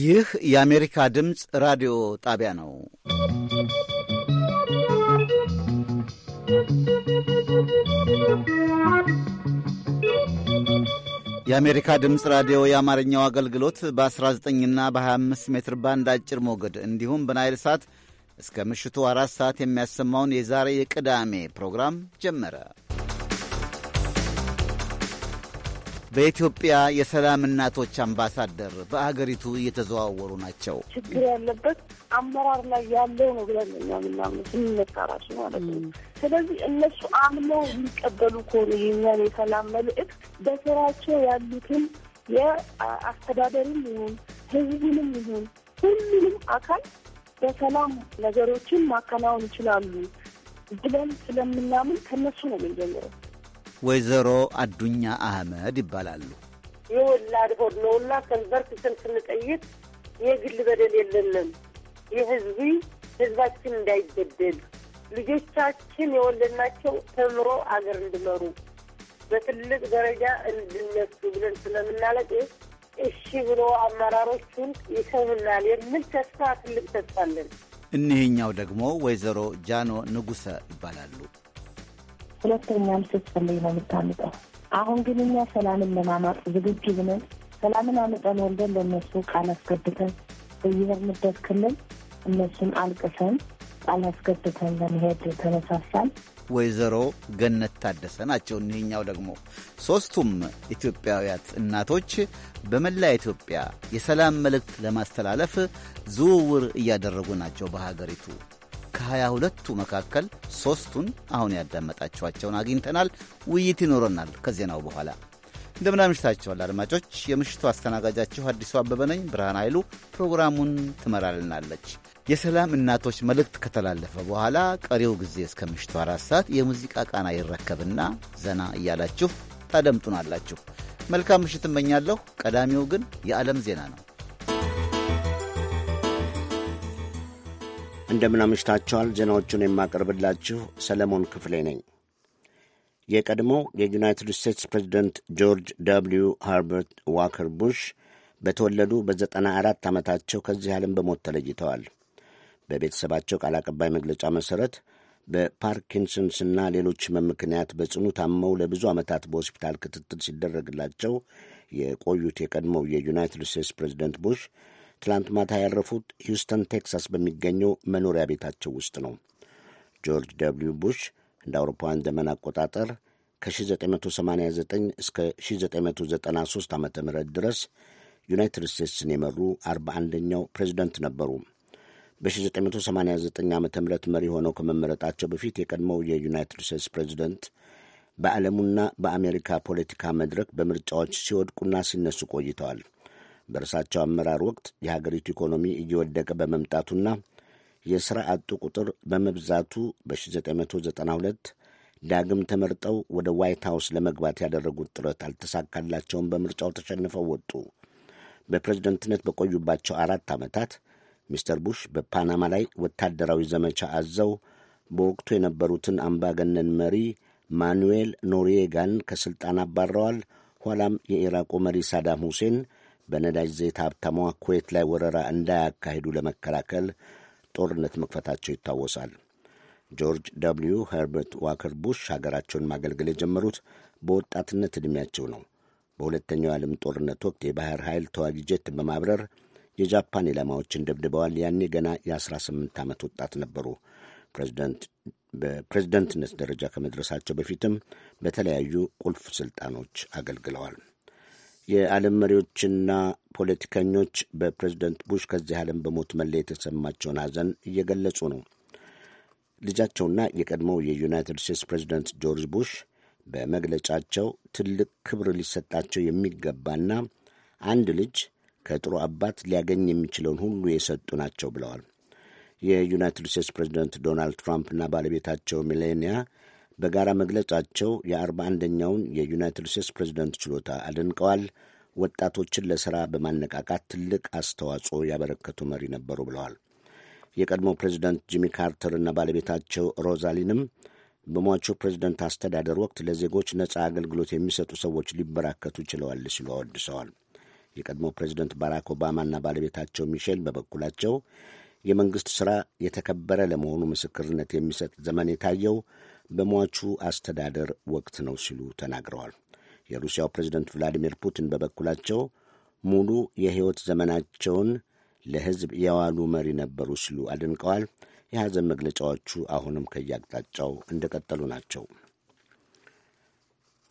ይህ የአሜሪካ ድምፅ ራዲዮ ጣቢያ ነው። የአሜሪካ ድምፅ ራዲዮ የአማርኛው አገልግሎት በ19ና በ25 ሜትር ባንድ አጭር ሞገድ እንዲሁም በናይል ሳት እስከ ምሽቱ አራት ሰዓት የሚያሰማውን የዛሬ የቅዳሜ ፕሮግራም ጀመረ። በኢትዮጵያ የሰላም እናቶች አምባሳደር በአገሪቱ እየተዘዋወሩ ናቸው። ችግር ያለበት አመራር ላይ ያለው ነው ብለን እኛ ምናምን ማለት ነው። ስለዚህ እነሱ አምነው የሚቀበሉ ከሆነ የኛን የሰላም መልእክት በስራቸው ያሉትን የአስተዳደርም ይሁን ህዝቡንም ይሁን ሁሉንም አካል በሰላም ነገሮችን ማከናወን ይችላሉ ብለን ስለምናምን ከነሱ ነው የምንጀምረው። ወይዘሮ አዱኛ አህመድ ይባላሉ። የወላድ ሆድ ነውና ተንበርክከን ስንጠይቅ የግል በደል የለንም። የህዝቢ ህዝባችን እንዳይበደል ልጆቻችን የወለድናቸው ተምሮ አገር እንዲመሩ በትልቅ ደረጃ እንድነሱ ብለን ስለምናለቅ እሺ ብሎ አመራሮቹን ይሰሙናል የሚል ተስፋ ትልቅ ተስፋለን። እኒህኛው ደግሞ ወይዘሮ ጃኖ ንጉሰ ይባላሉ። ሁለተኛም ስትጸልይ ነው የምታምጠው። አሁን ግን እኛ ሰላምን ለማማጥ ዝግጁ ብንን ሰላምን አምጠን ወልደን ለእነሱ ቃል አስገብተን በየሄድንበት ክልል እነሱን አልቅሰን ቃል አስገብተን ለመሄድ ተነሳሳል። ወይዘሮ ገነት ታደሰ ናቸው። እኒህኛው ደግሞ ሦስቱም ኢትዮጵያውያት እናቶች በመላ ኢትዮጵያ የሰላም መልእክት ለማስተላለፍ ዝውውር እያደረጉ ናቸው በሀገሪቱ ከሀያ ሁለቱ መካከል ሦስቱን አሁን ያዳመጣችኋቸውን አግኝተናል። ውይይት ይኖረናል ከዜናው በኋላ። እንደምን አምሽታችኋል አድማጮች። የምሽቱ አስተናጋጃችሁ አዲሱ አበበ ነኝ። ብርሃን ኃይሉ ፕሮግራሙን ትመራልናለች። የሰላም እናቶች መልእክት ከተላለፈ በኋላ ቀሪው ጊዜ እስከ ምሽቱ አራት ሰዓት የሙዚቃ ቃና ይረከብና ዘና እያላችሁ ታደምጡናላችሁ። መልካም ምሽት እመኛለሁ። ቀዳሚው ግን የዓለም ዜና ነው። እንደምን አምሽታችኋል። ዜናዎቹን የማቀርብላችሁ ሰለሞን ክፍሌ ነኝ። የቀድሞው የዩናይትድ ስቴትስ ፕሬዚደንት ጆርጅ ደብልዩ ሃርበርት ዋከር ቡሽ በተወለዱ በዘጠና አራት ዓመታቸው ከዚህ ዓለም በሞት ተለይተዋል። በቤተሰባቸው ቃል አቀባይ መግለጫ መሠረት በፓርኪንሰንስና ሌሎች ሕመም ምክንያት በጽኑ ታመው ለብዙ ዓመታት በሆስፒታል ክትትል ሲደረግላቸው የቆዩት የቀድሞው የዩናይትድ ስቴትስ ፕሬዚደንት ቡሽ ትላንት ማታ ያረፉት ሂውስተን ቴክሳስ በሚገኘው መኖሪያ ቤታቸው ውስጥ ነው። ጆርጅ ደብልዩ ቡሽ እንደ አውሮፓውያን ዘመን አቆጣጠር ከ1989 እስከ 1993 ዓ ም ድረስ ዩናይትድ ስቴትስን የመሩ 41ኛው ፕሬዚደንት ነበሩ። በ1989 ዓ ም መሪ ሆነው ከመመረጣቸው በፊት የቀድሞው የዩናይትድ ስቴትስ ፕሬዚደንት በዓለሙና በአሜሪካ ፖለቲካ መድረክ በምርጫዎች ሲወድቁና ሲነሱ ቆይተዋል። በእርሳቸው አመራር ወቅት የሀገሪቱ ኢኮኖሚ እየወደቀ በመምጣቱና የሥራ አጡ ቁጥር በመብዛቱ በ1992 ዳግም ተመርጠው ወደ ዋይት ሃውስ ለመግባት ያደረጉት ጥረት አልተሳካላቸውም። በምርጫው ተሸንፈው ወጡ። በፕሬዝደንትነት በቆዩባቸው አራት ዓመታት ሚስተር ቡሽ በፓናማ ላይ ወታደራዊ ዘመቻ አዘው በወቅቱ የነበሩትን አምባገነን መሪ ማኑዌል ኖሪጋን ከሥልጣን አባረዋል። ኋላም የኢራቁ መሪ ሳዳም ሁሴን በነዳጅ ዘይት ሀብታሟ ኩዌት ላይ ወረራ እንዳያካሂዱ ለመከላከል ጦርነት መክፈታቸው ይታወሳል። ጆርጅ ደብልዩ ሄርበርት ዋከር ቡሽ ሀገራቸውን ማገልገል የጀመሩት በወጣትነት ዕድሜያቸው ነው። በሁለተኛው የዓለም ጦርነት ወቅት የባህር ኃይል ተዋጊ ጀት በማብረር የጃፓን ኢላማዎችን ደብድበዋል። ያኔ ገና የ18 ዓመት ወጣት ነበሩ። በፕሬዝደንትነት ደረጃ ከመድረሳቸው በፊትም በተለያዩ ቁልፍ ስልጣኖች አገልግለዋል። የዓለም መሪዎችና ፖለቲከኞች በፕሬዝደንት ቡሽ ከዚህ ዓለም በሞት መለየት የተሰማቸውን ሐዘን እየገለጹ ነው። ልጃቸውና የቀድሞው የዩናይትድ ስቴትስ ፕሬዝደንት ጆርጅ ቡሽ በመግለጫቸው ትልቅ ክብር ሊሰጣቸው የሚገባና አንድ ልጅ ከጥሩ አባት ሊያገኝ የሚችለውን ሁሉ የሰጡ ናቸው ብለዋል። የዩናይትድ ስቴትስ ፕሬዝደንት ዶናልድ ትራምፕና ባለቤታቸው ሚሌኒያ በጋራ መግለጫቸው የ 41 የዩናይትድ ስቴትስ ፕሬዝደንት ችሎታ አድንቀዋል። ወጣቶችን ለሥራ በማነቃቃት ትልቅ አስተዋጽኦ ያበረከቱ መሪ ነበሩ ብለዋል። የቀድሞ ፕሬዝደንት ጂሚ ካርተር እና ባለቤታቸው ሮዛሊንም በሟቹ ፕሬዝደንት አስተዳደር ወቅት ለዜጎች ነጻ አገልግሎት የሚሰጡ ሰዎች ሊበራከቱ ችለዋል ሲሉ አወድሰዋል። የቀድሞ ፕሬዝደንት ባራክ ኦባማና ባለቤታቸው ሚሼል በበኩላቸው የመንግሥት ሥራ የተከበረ ለመሆኑ ምስክርነት የሚሰጥ ዘመን የታየው በሟቹ አስተዳደር ወቅት ነው ሲሉ ተናግረዋል። የሩሲያው ፕሬዝደንት ቭላዲሚር ፑቲን በበኩላቸው ሙሉ የሕይወት ዘመናቸውን ለሕዝብ የዋሉ መሪ ነበሩ ሲሉ አድንቀዋል። የሐዘን መግለጫዎቹ አሁንም ከየአቅጣጫው እንደቀጠሉ ናቸው።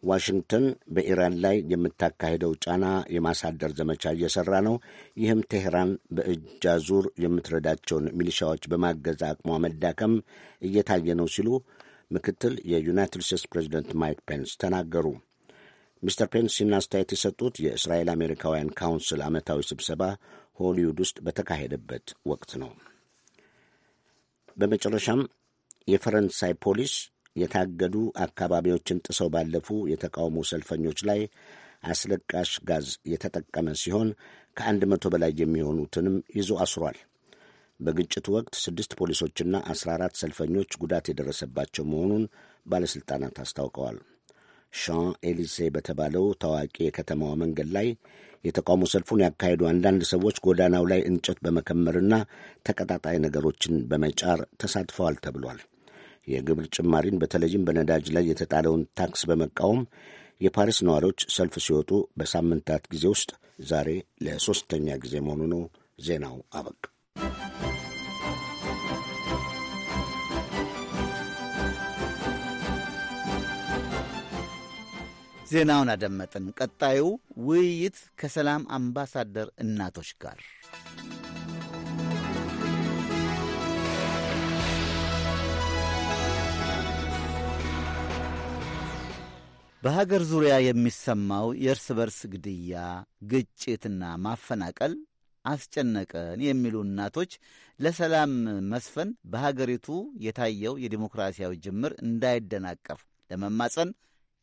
ዋሽንግተን በኢራን ላይ የምታካሄደው ጫና የማሳደር ዘመቻ እየሰራ ነው። ይህም ቴህራን በእጅ አዙር የምትረዳቸውን ሚሊሻዎች በማገዝ አቅሟ መዳከም እየታየ ነው ሲሉ ምክትል የዩናይትድ ስቴትስ ፕሬዚደንት ማይክ ፔንስ ተናገሩ። ሚስተር ፔንስ ይህን አስተያየት የሰጡት የእስራኤል አሜሪካውያን ካውንስል ዓመታዊ ስብሰባ ሆሊውድ ውስጥ በተካሄደበት ወቅት ነው። በመጨረሻም የፈረንሳይ ፖሊስ የታገዱ አካባቢዎችን ጥሰው ባለፉ የተቃውሞ ሰልፈኞች ላይ አስለቃሽ ጋዝ የተጠቀመ ሲሆን ከአንድ መቶ በላይ የሚሆኑትንም ይዞ አስሯል። በግጭቱ ወቅት ስድስት ፖሊሶችና አስራ አራት ሰልፈኞች ጉዳት የደረሰባቸው መሆኑን ባለሥልጣናት አስታውቀዋል። ሻን ኤሊሴ በተባለው ታዋቂ የከተማዋ መንገድ ላይ የተቃውሞ ሰልፉን ያካሄዱ አንዳንድ ሰዎች ጎዳናው ላይ እንጨት በመከመርና ተቀጣጣይ ነገሮችን በመጫር ተሳትፈዋል ተብሏል። የግብር ጭማሪን በተለይም በነዳጅ ላይ የተጣለውን ታክስ በመቃወም የፓሪስ ነዋሪዎች ሰልፍ ሲወጡ በሳምንታት ጊዜ ውስጥ ዛሬ ለሦስተኛ ጊዜ መሆኑ ነው። ዜናው አበቃ። ዜናውን አደመጥን። ቀጣዩ ውይይት ከሰላም አምባሳደር እናቶች ጋር በሀገር ዙሪያ የሚሰማው የእርስ በርስ ግድያ፣ ግጭትና ማፈናቀል አስጨነቀን የሚሉ እናቶች ለሰላም መስፈን በሀገሪቱ የታየው የዲሞክራሲያዊ ጅምር እንዳይደናቀፍ ለመማፀን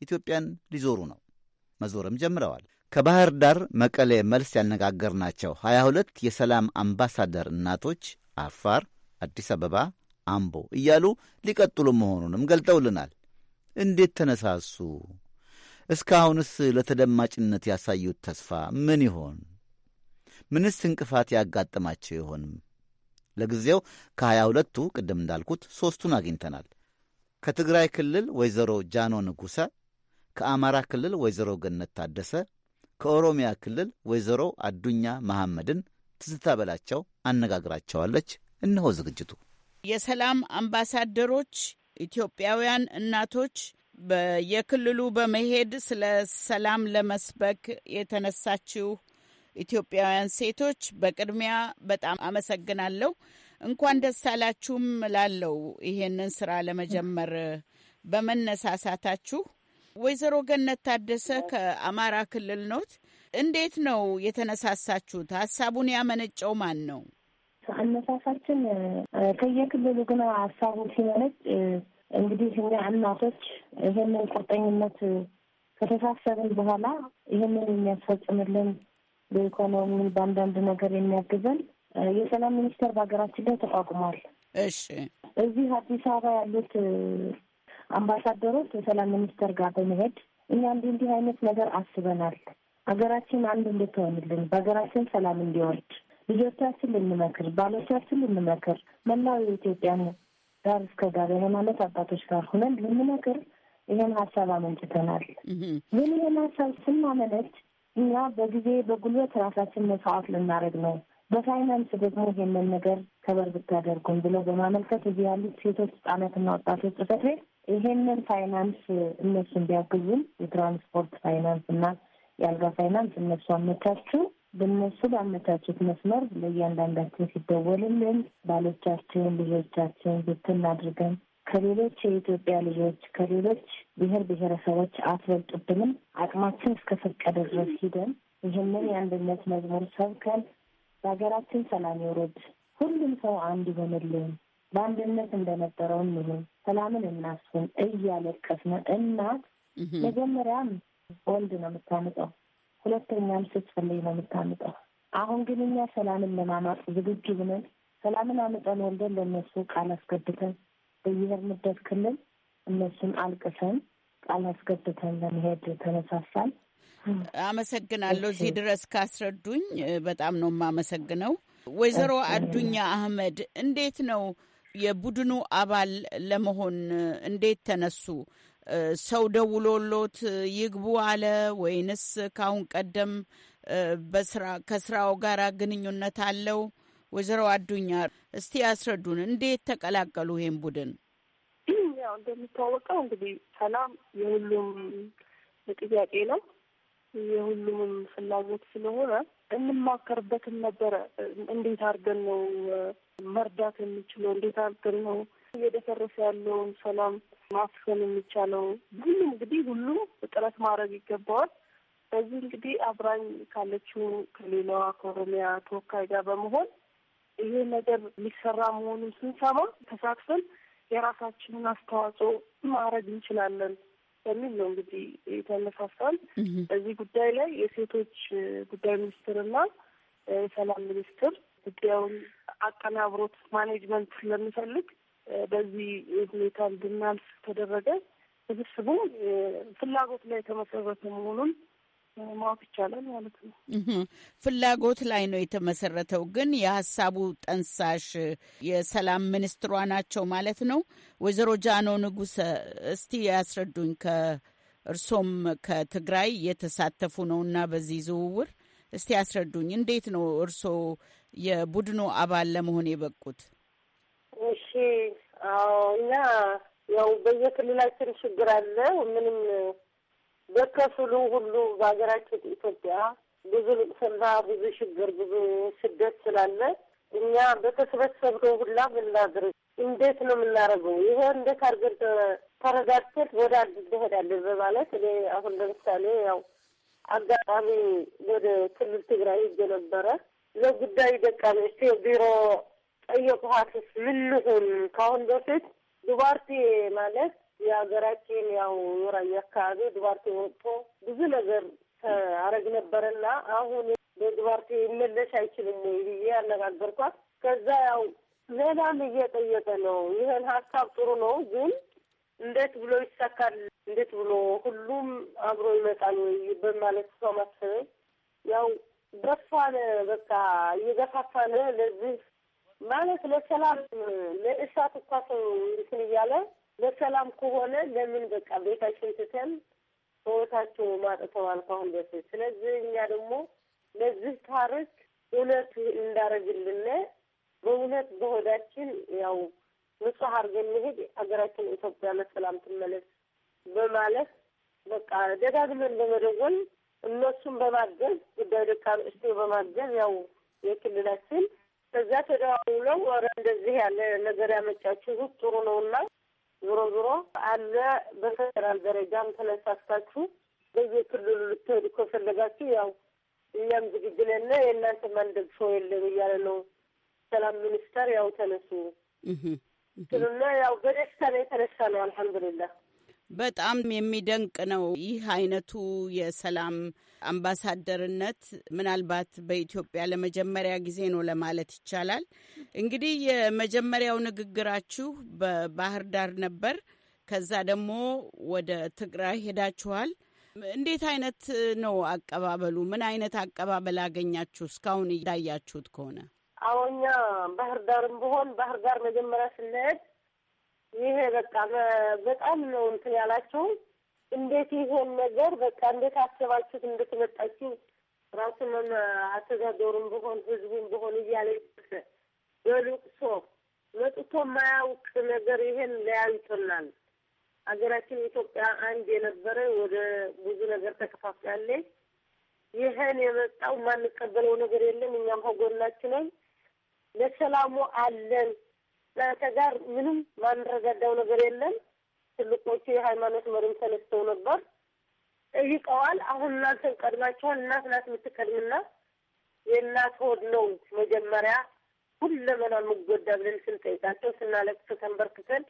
ኢትዮጵያን ሊዞሩ ነው። መዞርም ጀምረዋል። ከባህር ዳር መቀሌ መልስ ያነጋገርናቸው 22 የሰላም አምባሳደር እናቶች አፋር፣ አዲስ አበባ፣ አምቦ እያሉ ሊቀጥሉ መሆኑንም ገልጠውልናል። እንዴት ተነሳሱ? እስካሁንስ ለተደማጭነት ያሳዩት ተስፋ ምን ይሆን? ምንስ እንቅፋት ያጋጥማቸው ይሆንም? ለጊዜው ከሀያ ሁለቱ ቅድም እንዳልኩት ሦስቱን አግኝተናል። ከትግራይ ክልል ወይዘሮ ጃኖ ንጉሰ ከአማራ ክልል ወይዘሮ ገነት ታደሰ፣ ከኦሮሚያ ክልል ወይዘሮ አዱኛ መሐመድን ትዝታ በላቸው አነጋግራቸዋለች። እነሆ ዝግጅቱ። የሰላም አምባሳደሮች ኢትዮጵያውያን እናቶች በየክልሉ በመሄድ ስለ ሰላም ለመስበክ የተነሳችው ኢትዮጵያውያን ሴቶች በቅድሚያ በጣም አመሰግናለሁ። እንኳን ደስ አላችሁም እላለሁ። ይሄንን ስራ ለመጀመር በመነሳሳታችሁ ወይዘሮ ገነት ታደሰ ከአማራ ክልል ኖት። እንዴት ነው የተነሳሳችሁት? ሀሳቡን ያመነጨው ማን ነው? አነሳሳችን ከየክልሉ ግን ሀሳቡ ሲመነጭ እንግዲህ እኛ እናቶች ይህንን ቁርጠኝነት ከተሳሰብን በኋላ ይህንን የሚያስፈጽምልን በኢኮኖሚ በአንዳንድ ነገር የሚያግዘን የሰላም ሚኒስቴር በሀገራችን ላይ ተቋቁሟል። እሺ፣ እዚህ አዲስ አበባ ያሉት አምባሳደሮች የሰላም ሚኒስተር ጋር በመሄድ እኛ እንዲህ እንዲህ አይነት ነገር አስበናል፣ ሀገራችን አንድ እንድትሆንልን፣ በሀገራችን ሰላም እንዲወርድ ልጆቻችን ልንመክር፣ ባሎቻችን ልንመክር፣ መላው የኢትዮጵያን ዳር እስከ ዳር የሃይማኖት አባቶች ጋር ሆነን ልንመክር ይህን ሀሳብ አመንጭተናል። ግን ይህን ሀሳብ ስናመነች እኛ በጊዜ በጉልበት ራሳችን መስዋዕት ልናደርግ ነው በፋይናንስ ደግሞ ይሄንን ነገር ከበር ብታደርጉን ብለው በማመልከት እዚህ ያሉት ሴቶች ህጻናትና ወጣቶች ጽሕፈት ቤት ይሄንን ፋይናንስ እነሱ እንዲያግዙን የትራንስፖርት ፋይናንስ እና የአልጋ ፋይናንስ እነሱ አመቻቹ። በእነሱ ባመቻቹት መስመር ለእያንዳንዳችን ሲደወልልን ባሎቻችን፣ ልጆቻችን ብትን አድርገን ከሌሎች የኢትዮጵያ ልጆች ከሌሎች ብሔር ብሔረሰቦች አትበልጡብንም፣ አቅማችን እስከፈቀደ ድረስ ሂደን ይህንን የአንድነት መዝሙር ሰብከን በሀገራችን ሰላም ይውረድ፣ ሁሉም ሰው አንድ ይሆንልን፣ በአንድነት እንደነበረውን ይሁን ሰላምን እናስን እያለቀስን እናት መጀመሪያም ወንድ ነው የምታምጠው፣ ሁለተኛም ስትጸልይ ነው የምታምጠው። አሁን ግን እኛ ሰላምን ለማማጥ ዝግጁ ብለን ሰላምን አምጠን ወልደን ለእነሱ ቃል አስገብተን በየሄድንበት ክልል እነሱን አልቅሰን ቃል አስገብተን ለመሄድ ተነሳሳል። አመሰግናለሁ። እዚህ ድረስ ካስረዱኝ በጣም ነው የማመሰግነው። ወይዘሮ አዱኛ አህመድ እንዴት ነው የቡድኑ አባል ለመሆን እንዴት ተነሱ? ሰው ደውሎሎት ይግቡ አለ ወይንስ ካሁን ቀደም በስራ ከስራው ጋር ግንኙነት አለው? ወይዘሮ አዱኛ እስቲ ያስረዱን፣ እንዴት ተቀላቀሉ ይህን ቡድን? ያው እንደሚታወቀው እንግዲህ ሰላም የሁሉም ጥያቄ ነው፣ የሁሉምም ፍላጎት ስለሆነ እንማከርበትም ነበረ። እንዴት አድርገን ነው መርዳት የሚችለው? እንዴት አድርገን ነው እየደፈረሰ ያለውን ሰላም ማፍሰን የሚቻለው? ሁሉም እንግዲህ ሁሉም ጥረት ማድረግ ይገባዋል። በዚህ እንግዲህ አብራኝ ካለችው ከሌላዋ ከኦሮሚያ ተወካይ ጋር በመሆን ይሄ ነገር የሚሰራ መሆኑን ስንሰማ ተሳትፈን የራሳችንን አስተዋጽኦ ማድረግ እንችላለን በሚል ነው እንግዲህ የተነሳሳል። በዚህ ጉዳይ ላይ የሴቶች ጉዳይ ሚኒስትርና የሰላም ሚኒስትር ጉዳዩን አቀናብሮት ማኔጅመንት ስለሚፈልግ በዚህ ሁኔታ እንድናልፍ ተደረገ። ስብስቡ ፍላጎት ላይ የተመሰረተ መሆኑን ማወቅ ይቻላል ማለት ነው። ፍላጎት ላይ ነው የተመሰረተው። ግን የሀሳቡ ጠንሳሽ የሰላም ሚኒስትሯ ናቸው ማለት ነው። ወይዘሮ ጃኖ ንጉሰ እስቲ ያስረዱኝ። ከእርሶም ከትግራይ እየተሳተፉ ነው እና በዚህ ዝውውር እስቲ ያስረዱኝ። እንዴት ነው እርሶ የቡድኑ አባል ለመሆን የበቁት? እሺ፣ አዎ እኛ ያው በየክልላችን ችግር አለ ምንም በከፍሉ ሁሉ በሀገራችን ኢትዮጵያ ብዙ ልቅሰና ብዙ ችግር፣ ብዙ ስደት ስላለ እኛ በተሰበሰብነው ሁላ ብናድር እንዴት ነው የምናደርገው? ይሄ እንዴት አድርገን ተረጋግተን ወደ አንድ እንሄዳለን በማለት እኔ አሁን ለምሳሌ ያው አጋጣሚ ወደ ክልል ትግራይ ሄጄ ነበረ። ለጉዳይ በቃ ስ ቢሮ ጠየቁኋትስ ምንሁን ልሁን? በፊት ዱባርቴ ማለት የሀገራችን ያው የራያ አካባቢ ድባርቴ ወጥቶ ብዙ ነገር አረግ ነበረና አሁን በድባርቴ ይመለስ አይችልም ብዬ አነጋገርኳት ከዛ ያው ሌላም እየጠየቀ ነው። ይህን ሀሳብ ጥሩ ነው ግን እንዴት ብሎ ይሳካል? እንዴት ብሎ ሁሉም አብሮ ይመጣል ወይ በማለት እሷ ማሰበ ያው በፋነ በቃ እየገፋፋነ ለዚህ ማለት ለሰላም ለእሳት እኳ ሰው እንትን እያለ በሰላም ከሆነ ለምን በቃ ቤታችን ትተን ህይወታቸው ማጥተዋል ካሁን በፊት። ስለዚህ እኛ ደግሞ ለዚህ ታሪክ እውነት እንዳረግልን በእውነት በሆዳችን ያው ንጹህ አድርገን መሄድ ሀገራችን ኢትዮጵያ ለሰላም ትመለስ በማለት በቃ ደጋግመን በመደወል እነሱን በማገዝ ጉዳዩ ደካማ እስቴ በማገዝ ያው የክልላችን ከዛ ተደዋውለው ኧረ እንደዚህ ያለ ነገር ያመጫችሁ ጥሩ ነውና ዞሮ ዞሮ አለ በፌደራል ደረጃም ተነሳስታችሁ በየክልሉ ልትሄዱ ከፈለጋችሁ ያው እኛም ዝግጅል የለ የእናንተ ማንደግፎ የለም እያለ ነው ሰላም ሚኒስተር ያው ተነሱ ስሉና ያው በደስታ ነው የተነሳ ነው። አልሐምዱሊላህ በጣም የሚደንቅ ነው ይህ አይነቱ የሰላም አምባሳደርነት ምናልባት በኢትዮጵያ ለመጀመሪያ ጊዜ ነው ለማለት ይቻላል። እንግዲህ የመጀመሪያው ንግግራችሁ በባህር ዳር ነበር። ከዛ ደግሞ ወደ ትግራይ ሄዳችኋል። እንዴት አይነት ነው አቀባበሉ? ምን አይነት አቀባበል አገኛችሁ? እስካሁን እያያችሁት ከሆነ አሁኛ ባህር ዳርም ብሆን ባህር ዳር መጀመሪያ ስንሄድ ይሄ በቃ በጣም ነው እንትን ያላቸው እንዴት ይሄን ነገር በቃ እንዴት አስባችሁት እንድትመጣችሁ ራሱንም አስተዳደሩም ብሆን ህዝቡም ብሆን እያለ በልቅሶ መጥቶ ማያውቅ ነገር ይሄን ለያዩትናል። ሀገራችን ኢትዮጵያ አንድ የነበረ ወደ ብዙ ነገር ተከፋፍላለች። ይህን የመጣው ማንቀበለው ነገር የለም። እኛም ከጎናችንን ለሰላሙ አለን። እናንተ ጋር ምንም ማንረጋዳው ነገር የለም። ትልቆቹ የሃይማኖት መሪም ተነስተው ነበር ጠይቀዋል። አሁን እናንተን ቀድማችኋል። እናት ናት የምትቀድምና የእናት ሆድ ነው መጀመሪያ ሁለመና የምጎዳ ብለን ስንጠይቃቸው ስናለቅስ ተንበርክተን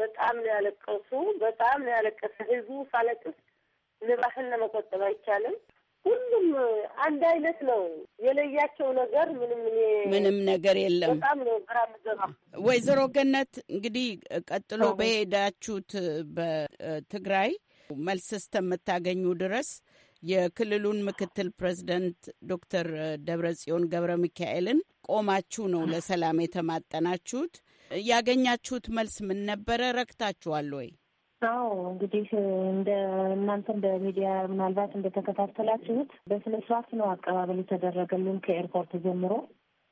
በጣም ነው ያለቀሱ። በጣም ነው ያለቀሰ ህዝቡ። ሳለቅስ ንባህን ለመቆጠብ አይቻልም። ሁሉም አንድ አይነት ነው። የለያቸው ነገር ምንም ምንም ነገር የለም። በጣም ነው ግራ የምገባው። ወይዘሮ ገነት እንግዲህ ቀጥሎ በሄዳችሁት በትግራይ መልስ እስከምታገኙ ድረስ የክልሉን ምክትል ፕሬዚደንት ዶክተር ደብረ ጽዮን ገብረ ሚካኤልን ቆማችሁ ነው ለሰላም የተማጠናችሁት። ያገኛችሁት መልስ ምን ነበረ? ረክታችኋል ወይ? አዎ እንግዲህ እንደ እንደ በሚዲያ ምናልባት እንደተከታተላችሁት በስነ ስርዓት ነው አቀባበል የተደረገልን ከኤርፖርት ጀምሮ።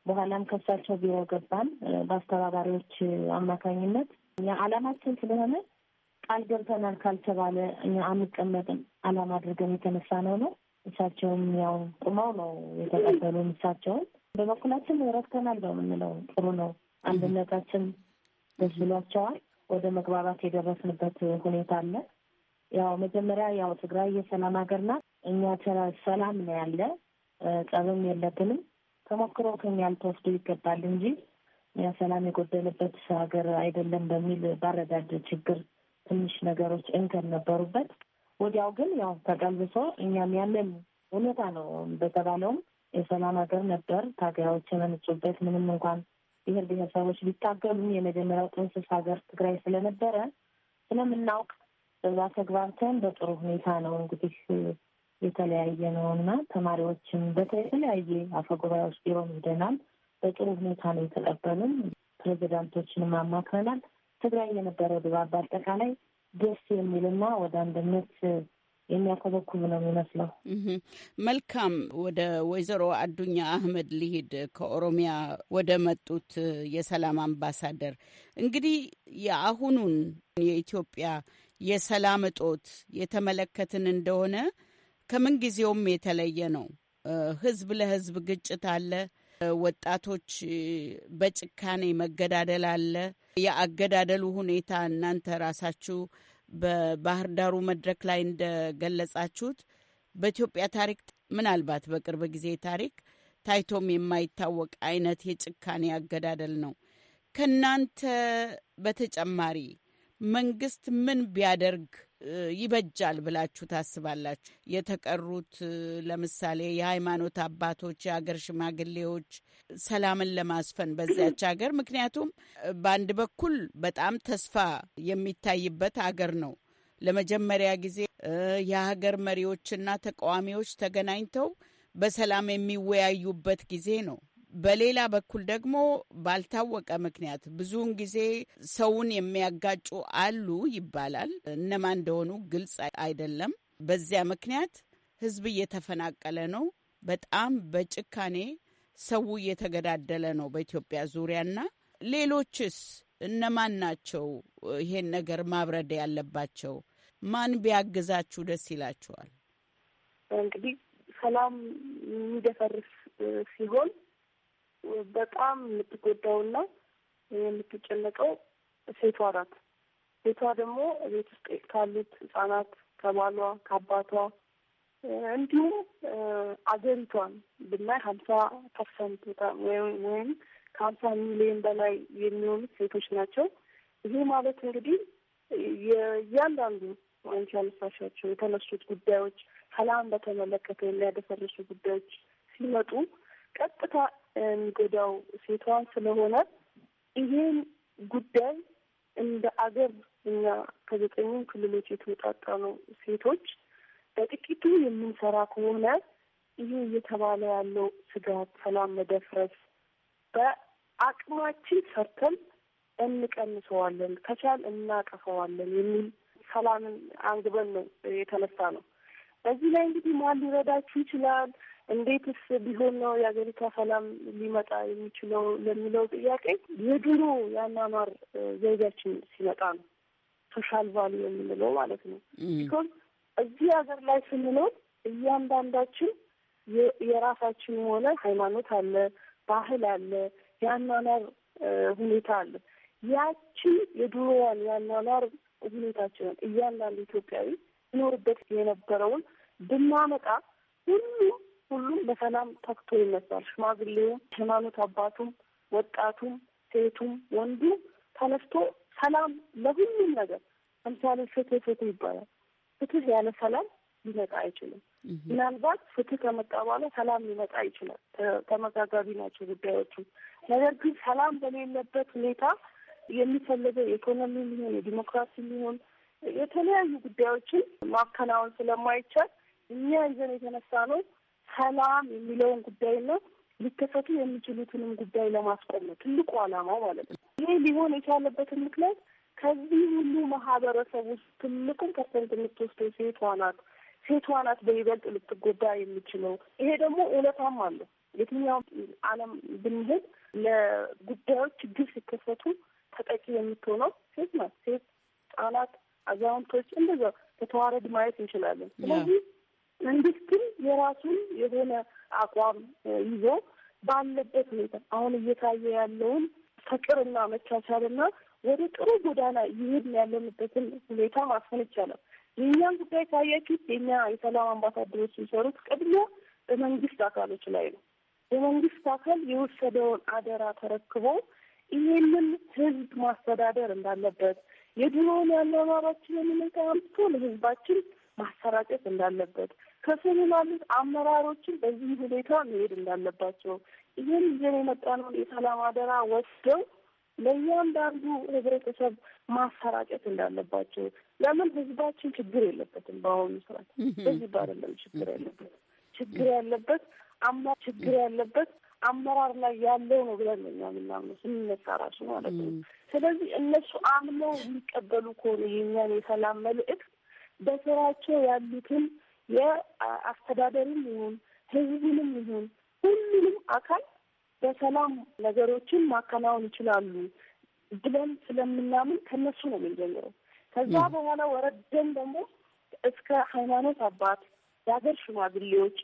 በኋላም ከሳቸው ቢሮ ገባን በአስተባባሪዎች አማካኝነት። እኛ አላማችን ስለሆነ ቃል ገብተናል ካልተባለ እኛ አንቀመጥም አላማ አድርገን የተነሳ ነው ነው። እሳቸውም ያው ቁመው ነው የተቀበሉን። እሳቸውን በበኩላችን ረክተናል ነው የምንለው። ጥሩ ነው አንድነታችን ደስ ብሏቸዋል። ወደ መግባባት የደረስንበት ሁኔታ አለ። ያው መጀመሪያ ያው ትግራይ የሰላም ሀገር ናት። እኛ ሰላም ነው ያለ፣ ጸብም የለብንም። ተሞክሮ ከኛ ልትወስዶ ይገባል እንጂ ያ ሰላም የጎደለበት ሀገር አይደለም በሚል ባረዳድ ችግር ትንሽ ነገሮች እንከን ነበሩበት። ወዲያው ግን ያው ተቀልብሶ እኛም ያለን እውነታ ነው። በተባለውም የሰላም ሀገር ነበር። ታጋዮች የመነጹበት ምንም እንኳን ብሔር ብሔረሰቦች ቢታገሉም የመጀመሪያው ጥንስስ ሀገር ትግራይ ስለነበረ ስለምናውቅ በዛ ተግባብተን በጥሩ ሁኔታ ነው እንግዲህ የተለያየ ነው እና ተማሪዎችም በተለያየ አፈጉባኤዎች ቢሮም ሄደናል። በጥሩ ሁኔታ ነው የተቀበሉም። ፕሬዚዳንቶችንም አማክረናል። ትግራይ የነበረው ድባብ በአጠቃላይ ደስ የሚልና ወደ አንድነት የሚያኮበኩብ ነው የሚመስለው። መልካም። ወደ ወይዘሮ አዱኛ አህመድ ሊሄድ ከኦሮሚያ ወደ መጡት የሰላም አምባሳደር እንግዲህ የአሁኑን የኢትዮጵያ የሰላም እጦት የተመለከትን እንደሆነ ከምን ጊዜውም የተለየ ነው። ህዝብ ለህዝብ ግጭት አለ። ወጣቶች በጭካኔ መገዳደል አለ። የአገዳደሉ ሁኔታ እናንተ ራሳችሁ በባህር ዳሩ መድረክ ላይ እንደገለጻችሁት በኢትዮጵያ ታሪክ ምናልባት በቅርብ ጊዜ ታሪክ ታይቶም የማይታወቅ አይነት የጭካኔ አገዳደል ነው። ከእናንተ በተጨማሪ መንግስት ምን ቢያደርግ ይበጃል ብላችሁ ታስባላችሁ? የተቀሩት ለምሳሌ የሃይማኖት አባቶች፣ የሀገር ሽማግሌዎች ሰላምን ለማስፈን በዚያች ሀገር ምክንያቱም በአንድ በኩል በጣም ተስፋ የሚታይበት ሀገር ነው። ለመጀመሪያ ጊዜ የሀገር መሪዎችና ተቃዋሚዎች ተገናኝተው በሰላም የሚወያዩበት ጊዜ ነው። በሌላ በኩል ደግሞ ባልታወቀ ምክንያት ብዙውን ጊዜ ሰውን የሚያጋጩ አሉ ይባላል። እነማን እንደሆኑ ግልጽ አይደለም። በዚያ ምክንያት ህዝብ እየተፈናቀለ ነው። በጣም በጭካኔ ሰው እየተገዳደለ ነው በኢትዮጵያ ዙሪያና ሌሎችስ እነማን ናቸው? ይሄን ነገር ማብረድ ያለባቸው ማን ቢያግዛችሁ ደስ ይላችኋል? እንግዲህ ሰላም የሚደፈርስ ሲሆን በጣም የምትጎዳውና የምትጨነቀው ሴቷ ናት። ሴቷ ደግሞ ቤት ውስጥ ካሉት ህጻናት፣ ከባሏ፣ ከአባቷ እንዲሁም አገሪቷን ብናይ ሀምሳ ፐርሰንት ወይም ከሀምሳ ሚሊዮን በላይ የሚሆኑት ሴቶች ናቸው። ይሄ ማለት እንግዲህ የእያንዳንዱ አንቺ ያነሳሻቸው የተነሱት ጉዳዮች ሰላም በተመለከተ የሚያደፈርሱ ጉዳዮች ሲመጡ ቀጥታ የሚጎዳው ሴቷ ስለሆነ ይሄን ጉዳይ እንደ አገር እኛ ከዘጠኙም ክልሎች የተወጣጣ ነው ሴቶች በጥቂቱ የምንሰራ ከሆነ ይሄ እየተባለ ያለው ስጋት፣ ሰላም መደፍረስ በአቅማችን ሰርተን እንቀንሰዋለን፣ ከቻል እናቀፈዋለን የሚል ሰላምን አንግበን ነው የተነሳ ነው። በዚህ ላይ እንግዲህ ማን ሊረዳችሁ ይችላል? እንዴትስ ቢሆን ነው የሀገሪቷ ሰላም ሊመጣ የሚችለው ለሚለው ጥያቄ የድሮ የአኗኗር ዘይቤያችን ሲመጣ ነው። ሶሻል ቫሉ የምንለው ማለት ነው። ቢኮዝ እዚህ ሀገር ላይ ስንኖር እያንዳንዳችን የራሳችን የሆነ ሃይማኖት አለ፣ ባህል አለ፣ የአኗኗር ሁኔታ አለ። ያችን የድሮዋን የአኗኗር ሁኔታችንን እያንዳንዱ ኢትዮጵያዊ ኖርበት የነበረውን ብናመጣ ሁሉም ሁሉም በሰላም ተክቶ ይነሳል። ሽማግሌውም፣ ሃይማኖት አባቱም፣ ወጣቱም፣ ሴቱም ወንዱ ተነስቶ ሰላም ለሁሉም ነገር ለምሳሌ ፍትህ ፍትህ ይባላል። ፍትህ ያለ ሰላም ሊመጣ አይችልም። ምናልባት ፍትህ ከመጣ በኋላ ሰላም ሊመጣ ይችላል። ተመጋጋቢ ናቸው ጉዳዮቹ። ነገር ግን ሰላም በሌለበት ሁኔታ የሚፈለገው የኢኮኖሚ ሊሆን የዲሞክራሲ ሊሆን የተለያዩ ጉዳዮችን ማከናወን ስለማይቻል እኛ ይዘን የተነሳ ነው ሰላም የሚለውን ጉዳይ ነው ሊከሰቱ የሚችሉትንም ጉዳይ ለማስቆም ነው ትልቁ ዓላማው ማለት ነው። ይሄ ሊሆን የቻለበትን ምክንያት ከዚህ ሁሉ ማህበረሰብ ውስጥ ትልቁን ፐርሰንት የምትወስደው ሴቷ ናት። ሴቷ ናት በይበልጥ ልትጎዳ የሚችለው። ይሄ ደግሞ እውነታም አለው። የትኛውም ዓለም ብንሄድ ለጉዳዮች ችግር ሲከሰቱ ተጠቂ የምትሆነው ሴት ናት። ሴት፣ ህጻናት፣ አዛውንቶች እንደዛ በተዋረድ ማየት እንችላለን። ስለዚህ መንግስትም የራሱን የሆነ አቋም ይዞ ባለበት ሁኔታ አሁን እየታየ ያለውን ፍቅርና መቻቻልና ወደ ጥሩ ጎዳና እየሄድን ያለንበትን ሁኔታ ማስፈን ይቻላል። የእኛን ጉዳይ ካያችሁት የኛ የሰላም አምባሳደሮች የሚሰሩት ቅድሚያ በመንግስት አካሎች ላይ ነው። የመንግስት አካል የወሰደውን አደራ ተረክቦ ይሄንን ህዝብ ማስተዳደር እንዳለበት የድሮውን ያለማባችንን ሁኔታ አምጥቶ ለህዝባችን ማሰራጨት እንዳለበት ከስሩ ያሉት አመራሮችን በዚህ ሁኔታ መሄድ እንዳለባቸው ይህን ይዘን የመጣነውን የሰላም አደራ ወስደው ለእያንዳንዱ ህብረተሰብ ማሰራጨት እንዳለባቸው። ለምን ህዝባችን ችግር የለበትም። በአሁኑ ሰዓት በዚህ ባደለም ችግር ያለበት ችግር ያለበት አማ ችግር ያለበት አመራር ላይ ያለው ነው ብለን ነው እኛ የምናምነው ስንነሳ ራሱ ማለት ነው። ስለዚህ እነሱ አምነው የሚቀበሉ ከሆነ የእኛን የሰላም መልእክት በስራቸው ያሉትን የአስተዳደርም ይሁን ህዝቡንም ይሁን ሁሉንም አካል በሰላም ነገሮችን ማከናወን ይችላሉ ብለን ስለምናምን ከነሱ ነው የምንጀምረው። ከዛ በኋላ ወረደን ደግሞ እስከ ሃይማኖት አባት፣ የሀገር ሽማግሌዎች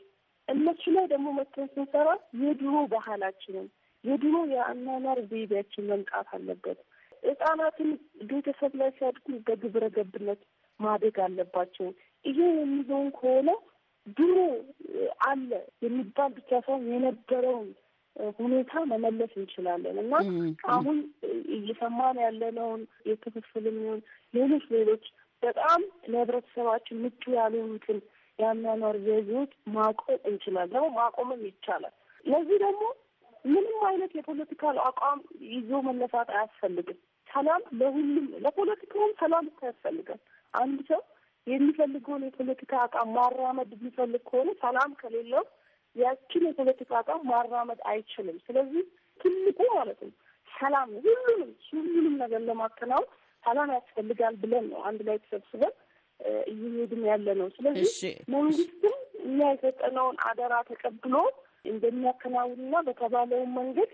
እነሱ ላይ ደግሞ መተን ስንሰራ የድሮ ባህላችንን የድሮ የአኗኗር ዘይቤያችን መምጣት አለበት። ህጻናትን ቤተሰብ ላይ ሲያድጉ በግብረ ገብነት ማደግ አለባቸው። ይሄ የሚሆን ከሆነ ድሮ አለ የሚባል ብቻ ሳይሆን የነበረውን ሁኔታ መመለስ እንችላለን እና አሁን እየሰማን ያለነውን የክፍፍል የሚሆን ሌሎች ሌሎች በጣም ለህብረተሰባችን ምቹ ያልሆኑትን የአኗኗር ዘይቤዎች ማቆም እንችላለን። ደግሞ ማቆምም ይቻላል። ለዚህ ደግሞ ምንም አይነት የፖለቲካል አቋም ይዞ መነሳት አያስፈልግም። ሰላም ለሁሉም፣ ለፖለቲካውም ሰላም ያስፈልጋል። አንድ ሰው የሚፈልገውን የፖለቲካ አቋም ማራመድ የሚፈልግ ከሆነ ሰላም ከሌለው ያችን የፖለቲካ አቋም ማራመድ አይችልም። ስለዚህ ትልቁ ማለት ነው ሰላም ሁሉንም ሁሉንም ነገር ለማከናወን ሰላም ያስፈልጋል ብለን ነው አንድ ላይ ተሰብስበን እየሄድን ያለ ነው። ስለዚህ መንግስትም እኛ የሰጠነውን አደራ ተቀብሎ እንደሚያከናውንና በተባለውን መንገድ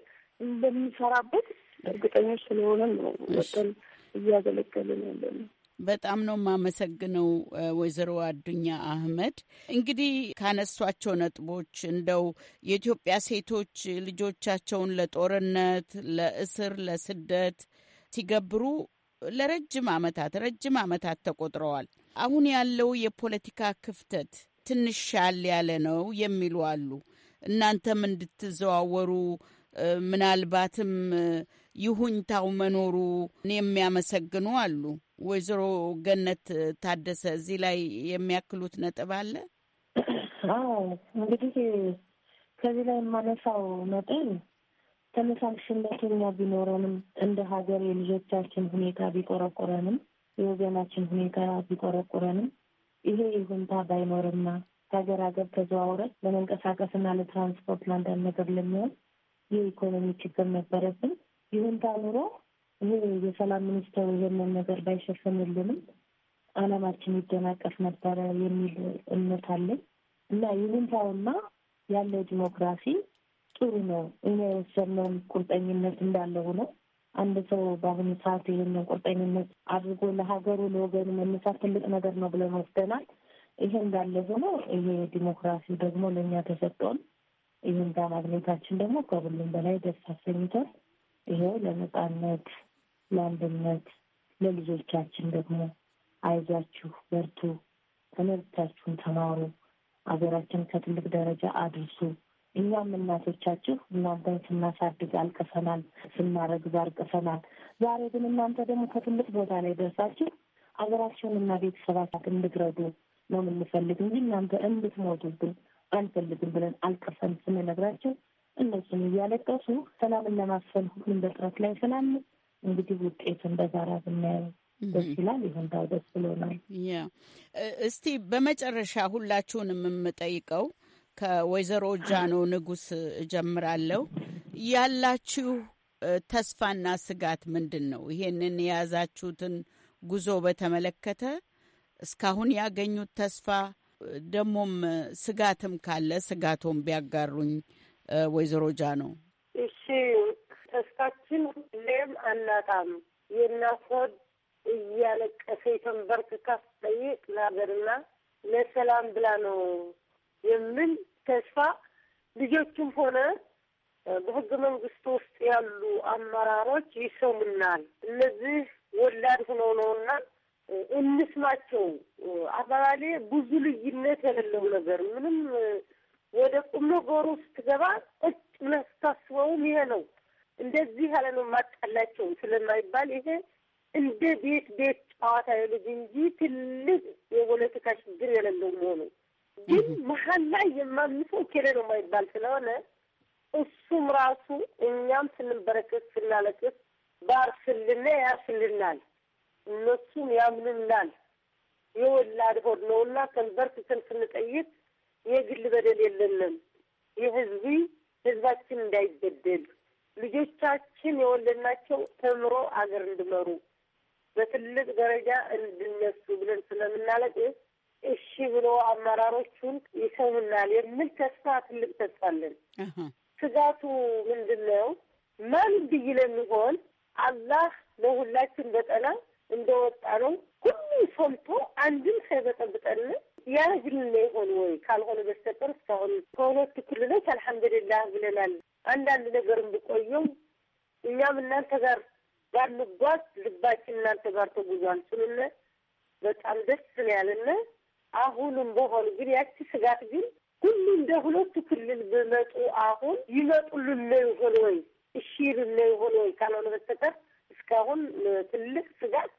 እንደሚሰራበት እርግጠኞች ስለሆነ ነው ወጠን እያገለገልን ያለ ነው። በጣም ነው የማመሰግነው ወይዘሮ አዱኛ አህመድ። እንግዲህ ካነሷቸው ነጥቦች እንደው የኢትዮጵያ ሴቶች ልጆቻቸውን ለጦርነት፣ ለእስር፣ ለስደት ሲገብሩ ለረጅም ዓመታት ረጅም ዓመታት ተቆጥረዋል። አሁን ያለው የፖለቲካ ክፍተት ትንሽ ሻል ያለ ነው የሚሉ አሉ። እናንተም እንድትዘዋወሩ ምናልባትም ይሁኝታው መኖሩ የሚያመሰግኑ አሉ። ወይዘሮ ገነት ታደሰ እዚህ ላይ የሚያክሉት ነጥብ አለ? አዎ እንግዲህ ከዚህ ላይ የማነሳው መጠን ተመሳሽነት እኛ ቢኖረንም እንደ ሀገር የልጆቻችን ሁኔታ ቢቆረቆረንም የወገናችን ሁኔታ ቢቆረቆረንም ይሄ ይሁንታ ባይኖርና ከሀገር ሀገር ተዘዋውረን ለመንቀሳቀስና ለትራንስፖርት ለአንዳንድ ነገር ለሚሆን የኢኮኖሚ ችግር ነበረብን። ይሁንታ ኑሮ ይህ የሰላም ሚኒስተሩ ይሄንን ነገር ባይሸፍንልንም አላማችን ይደናቀፍ ነበረ የሚል እምነት አለን እና ይሁንታውና ያለው ዲሞክራሲ ጥሩ ነው። እኛ የወሰነውን ቁርጠኝነት እንዳለ ሆኖ አንድ ሰው በአሁኑ ሰዓት ይህንን ቁርጠኝነት አድርጎ ለሀገሩ ለወገኑ መነሳት ትልቅ ነገር ነው ብለን ወስደናል። ይሄ እንዳለ ሆኖ ይሄ ዲሞክራሲ ደግሞ ለእኛ ተሰጥቶን ይህን ጋር ማግኘታችን ደግሞ ከሁሉም በላይ ደስ አሰኝቷል። ይሄው ለነጻነት ለአንድነት ለልጆቻችን ደግሞ አይዟችሁ፣ በርቱ፣ ትምህርታችሁን ተማሩ፣ አገራችን ከትልቅ ደረጃ አድርሱ። እኛም እናቶቻችሁ እናንተን ስናሳድግ አልቅሰናል፣ ስናረግዝ አልቅሰናል። ዛሬ ግን እናንተ ደግሞ ከትልቅ ቦታ ላይ ደርሳችሁ ሀገራችሁንና ቤተሰባችሁን እንድትረዱ ነው የምንፈልግ እንጂ እናንተ እንድትሞቱብን አንፈልግም ብለን አልቅሰን ስንነግራቸው እነሱም እያለቀሱ ሰላምን ለማስፈን ሁሉም በጥረት ላይ ስላለ እንግዲህ ውጤቱን በጋራ ብናየው ደስ ይላል። ይሁንታው ደስ ብሎናል። እስቲ በመጨረሻ ሁላችሁንም የምጠይቀው ከወይዘሮ ጃኖ ንጉስ እጀምራለሁ። ያላችሁ ተስፋና ስጋት ምንድን ነው? ይሄንን የያዛችሁትን ጉዞ በተመለከተ እስካሁን ያገኙት ተስፋ ደግሞም ስጋትም ካለ ስጋቶም ቢያጋሩኝ ወይዘሮ ጃኖ። እሺ ተስፋችን ሁሌም አናጣም። የእናት ሆድ እያለቀሰ የተንበርክካ ስጠይቅ ለሀገርና ለሰላም ብላ ነው የምል ተስፋ ልጆችም ሆነ በህገ መንግስት ውስጥ ያሉ አመራሮች ይሰሙናል። እነዚህ ወላድ ሆነው ነውና እንስማቸው። አባባሌ ብዙ ልዩነት የሌለው ነገር ምንም ወደ ቁም ነገሩ ስትገባ እጭ ብለህ ስታስበውም ይሄ ነው እንደዚህ ያለ ነው ማጣላቸው ስለማይባል ይሄ እንደ ቤት ቤት ጨዋታ የልጅ እንጂ ትልቅ የፖለቲካ ችግር የሌለው መሆኑ ግን መሀል ላይ የማንሰው ኬሌ ነው ማይባል ስለሆነ እሱም ራሱ እኛም ስንበረከት ስናለቅስ ባርስልና ያርስልናል፣ እነሱም ያምንናል። የወላድ ሆድ ነውና ተንበርክከን ስንጠይቅ የግል በደል የለንም። የህዝቢ ህዝባችን እንዳይበደል ልጆቻችን የወለድናቸው ተምሮ አገር እንድመሩ በትልቅ ደረጃ እንድነሱ ብለን ስለምናለቅ እሺ ብሎ አመራሮቹን ይሰሙናል የሚል ተስፋ ትልቅ ተስፋ አለን። ስጋቱ ምንድን ነው? ማን ብይል የሚሆን አላህ ለሁላችን በጠና እንደወጣ ነው ሁሉ ሰምቶ አንድም ሳይበጠብጠን ያረግልን ይሆን ወይ? ካልሆነ በስተቀር እስካሁን ከሁለቱ ክልሎች አልሐምዱሊላህ ብለናል። አንዳንድ ነገር እንድቆየው እኛም እናንተ ጋር ባንጓዝ ልባችን እናንተ ጋር ተጉዟል ስሉነ በጣም ደስ ነው ያለነ። አሁንም በሆን ግን ያቺ ስጋት ግን ሁሉ እንደ ሁለቱ ክልል በመጡ አሁን ይመጡልን ይሆን ወይ እሺ ይሉን ይሆን ወይ ካልሆነ በስተቀር እስካሁን ትልቅ ስጋት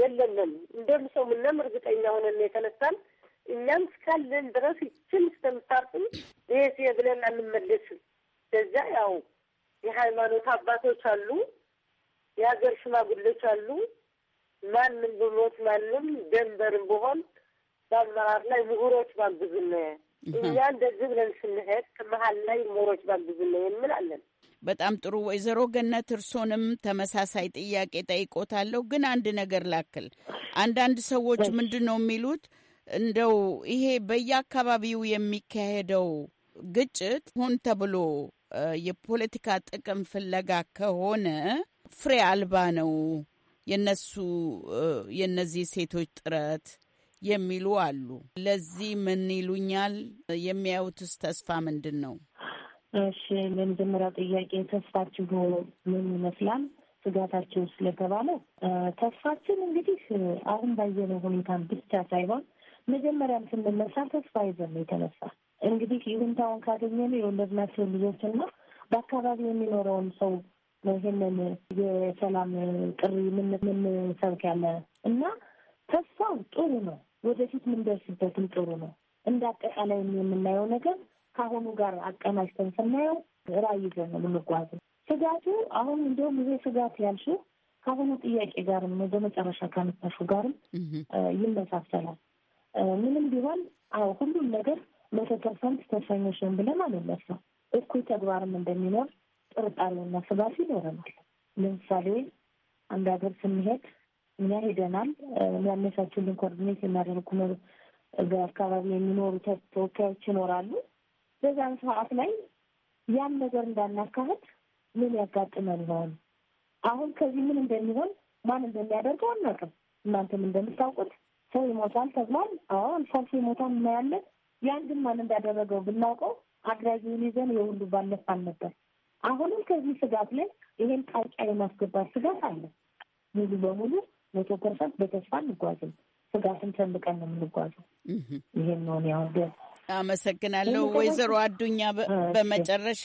የለንም። እንደም ሰው እንደምሰሙንም እርግጠኛ ሆነን የተነሳን እኛም እስካለን ድረስ ይችን እስከምታርጥም ይህ ብለን አንመለስም። በዛ ያው የሃይማኖት አባቶች አሉ፣ የሀገር ሽማግሌዎች አሉ። ማንም ብሎት ማንም ደንበርም ብሆን በአመራር ላይ ምሁሮች ባግዙን እኛ እንደዚህ ብለን ስንሄድ ከመሀል ላይ ምሁሮች ባግዙን የሚል አለን። በጣም ጥሩ ወይዘሮ ገነት እርሶንም ተመሳሳይ ጥያቄ ጠይቆታለሁ። ግን አንድ ነገር ላክል። አንዳንድ ሰዎች ምንድን ነው የሚሉት እንደው ይሄ በየአካባቢው የሚካሄደው ግጭት ሆን ተብሎ የፖለቲካ ጥቅም ፍለጋ ከሆነ ፍሬ አልባ ነው የነሱ የነዚህ ሴቶች ጥረት የሚሉ አሉ። ለዚህ ምን ይሉኛል? የሚያዩትስ ተስፋ ምንድን ነው? እሺ፣ ለመጀመሪያው ጥያቄ ተስፋችሁ ምን ይመስላል ስጋታችሁ ስለተባለው ተስፋችን እንግዲህ አሁን ባየነው ሁኔታን ብቻ ሳይሆን መጀመሪያም ስንነሳ ተስፋ ይዘን የተነሳ እንግዲህ ይሁንታውን ነው የወለድናቸው ልጆችና በአካባቢ የሚኖረውን ሰው ነው ይሄንን የሰላም ጥሪ ምንሰብክ ያለ እና ተስፋው ጥሩ ነው። ወደፊት ምንደርስበትም ጥሩ ነው። እንደ አጠቃላይ የምናየው ነገር ከአሁኑ ጋር አቀናጅተን ስናየው ራዕይ ይዘን ነው የምንጓዘው። ስጋቱ አሁን እንዲሁም ይሄ ስጋት ያልሽው ከአሁኑ ጥያቄ ጋርም በመጨረሻ ከመታሹ ጋርም ይመሳሰላል። ምንም ቢሆን ሁሉም ነገር መቶ ተሰኞሽን ብለን አልነሳም። እኩይ ተግባርም እንደሚኖር ጥርጣሬና ስጋት ይኖረናል። ለምሳሌ አንድ ሀገር ስንሄድ እኛ ሄደናል። የሚያነሳችሁልን ኮርዲኔት የሚያደርጉ በአካባቢ የሚኖሩ ተወካዮች ይኖራሉ። በዛን ሰዓት ላይ ያን ነገር እንዳናካሄድ ምን ያጋጥመን ይሆን? አሁን ከዚህ ምን እንደሚሆን ማን እንደሚያደርገው አናውቅም። እናንተም እንደምታውቁት ሰው ይሞታል ተብሏል። አዎ አልፎ አልፎ ይሞታል እናያለን። ያን ግን ማን እንዳደረገው ብናውቀው አድራጊውን ይዘን የሁሉ ባለፋን ነበር። አሁንም ከዚህ ስጋት ላይ ይሄን ጣልቃ የማስገባት ስጋት አለ። ሙሉ በሙሉ መቶ ፐርሰንት በተስፋ እንጓዝም ስጋትን ሰንቀን ነው የምንጓዘው። ይሄን ነው ያሁን። አመሰግናለሁ ወይዘሮ አዱኛ። በመጨረሻ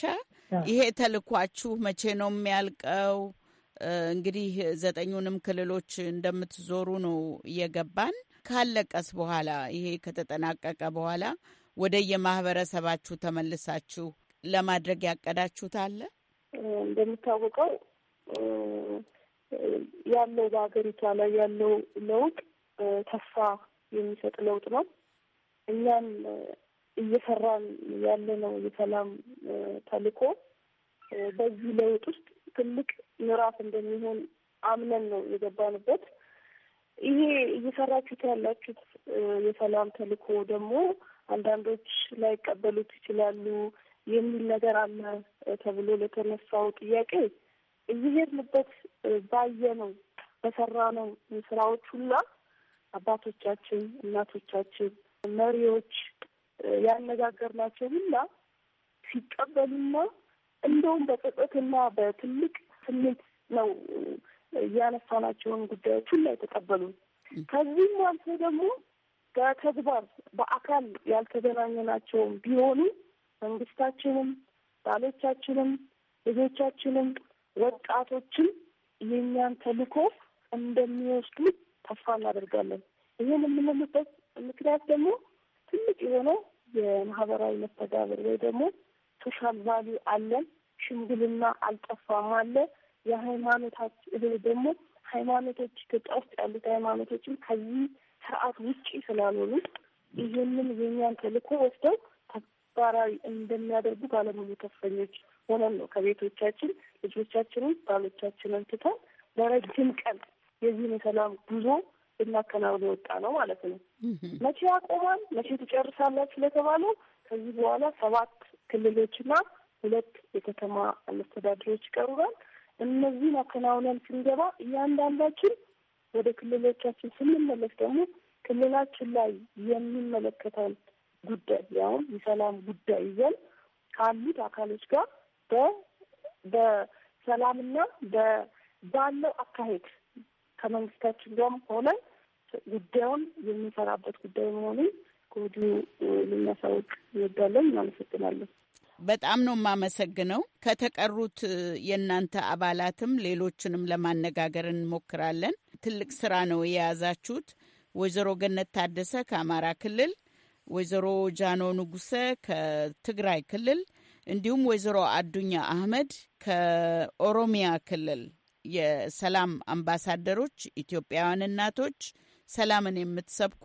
ይሄ ተልኳችሁ መቼ ነው የሚያልቀው? እንግዲህ ዘጠኙንም ክልሎች እንደምትዞሩ ነው እየገባን ካለቀስ በኋላ ይሄ ከተጠናቀቀ በኋላ ወደ የማህበረሰባችሁ ተመልሳችሁ ለማድረግ ያቀዳችሁት አለ? እንደሚታወቀው ያለው በሀገሪቷ ላይ ያለው ለውጥ ተስፋ የሚሰጥ ለውጥ ነው። እኛም እየሰራን ያለነው የሰላም ተልእኮ በዚህ ለውጥ ውስጥ ትልቅ ምዕራፍ እንደሚሆን አምነን ነው የገባንበት። ይሄ እየሰራችሁት ያላችሁት የሰላም ተልእኮ ደግሞ አንዳንዶች ላይቀበሉት ይችላሉ የሚል ነገር አለ ተብሎ ለተነሳው ጥያቄ እየሄድንበት ባየነው በሰራነው ስራዎች ሁላ አባቶቻችን፣ እናቶቻችን፣ መሪዎች ያነጋገርናቸው ሁላ ሲቀበሉና እንደውም በጸጸትና በትልቅ ስሜት ነው ያነሳናቸውን ጉዳዮች ሁሉ የተቀበሉ ከዚህም አልፎ ደግሞ በተግባር በአካል ያልተገናኘናቸውም ቢሆኑ መንግስታችንም፣ ባሎቻችንም፣ ልጆቻችንም ወጣቶችም የእኛን ተልእኮ እንደሚወስዱ ተስፋ እናደርጋለን። ይህን የምንልበት ምክንያት ደግሞ ትልቅ የሆነው የማህበራዊ መስተጋብር ወይ ደግሞ ሶሻል ቫሊዩ አለን። ሽምግልና አልጠፋም አለ። እህል ደግሞ ሃይማኖቶች ኢትዮጵያ ውስጥ ያሉት ሃይማኖቶችም ከዚህ ስርዓት ውጭ ስላልሆኑ ይህንን የኛን ተልእኮ ወስደው ተግባራዊ እንደሚያደርጉ ባለሙሉ ተስፈኞች ሆነን ነው ከቤቶቻችን ልጆቻችንን ባሎቻችንን ትተን ለረጅም ቀን የዚህን የሰላም ጉዞ እናከናውን የወጣ ነው ማለት ነው። መቼ ያቆማል? መቼ ትጨርሳላችሁ ለተባለው ከዚህ በኋላ ሰባት ክልሎችና ሁለት የከተማ መስተዳድሮች ይቀሩናል። እነዚህን አከናውነን ስንገባ እያንዳንዳችን ወደ ክልሎቻችን ስንመለስ ደግሞ ክልላችን ላይ የሚመለከተን ጉዳይ ያውም የሰላም ጉዳይ ይዘን ካሉት አካሎች ጋር በሰላምና ባለው አካሄድ ከመንግስታችን ጋርም ሆነ ጉዳዩን የሚሰራበት ጉዳይ መሆኑን ከወዲሁ ልናሳውቅ እንወዳለን። እናመሰግናለን። በጣም ነው የማመሰግነው። ከተቀሩት የእናንተ አባላትም ሌሎችንም ለማነጋገር እንሞክራለን። ትልቅ ስራ ነው የያዛችሁት። ወይዘሮ ገነት ታደሰ ከአማራ ክልል፣ ወይዘሮ ጃኖ ንጉሰ ከትግራይ ክልል እንዲሁም ወይዘሮ አዱኛ አህመድ ከኦሮሚያ ክልል የሰላም አምባሳደሮች፣ ኢትዮጵያውያን እናቶች ሰላምን የምትሰብኩ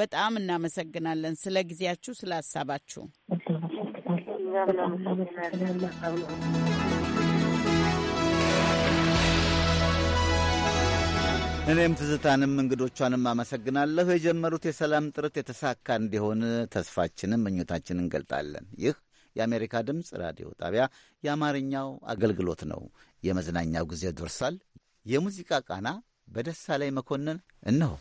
በጣም እናመሰግናለን ስለ ጊዜያችሁ ስለ ሀሳባችሁ። እኔም ትዝታንም እንግዶቿንም አመሰግናለሁ። የጀመሩት የሰላም ጥረት የተሳካ እንዲሆን ተስፋችንን ምኞታችንን እንገልጣለን። ይህ የአሜሪካ ድምፅ ራዲዮ ጣቢያ የአማርኛው አገልግሎት ነው። የመዝናኛው ጊዜ ደርሷል። የሙዚቃ ቃና በደስታ ላይ መኮንን እነሆ።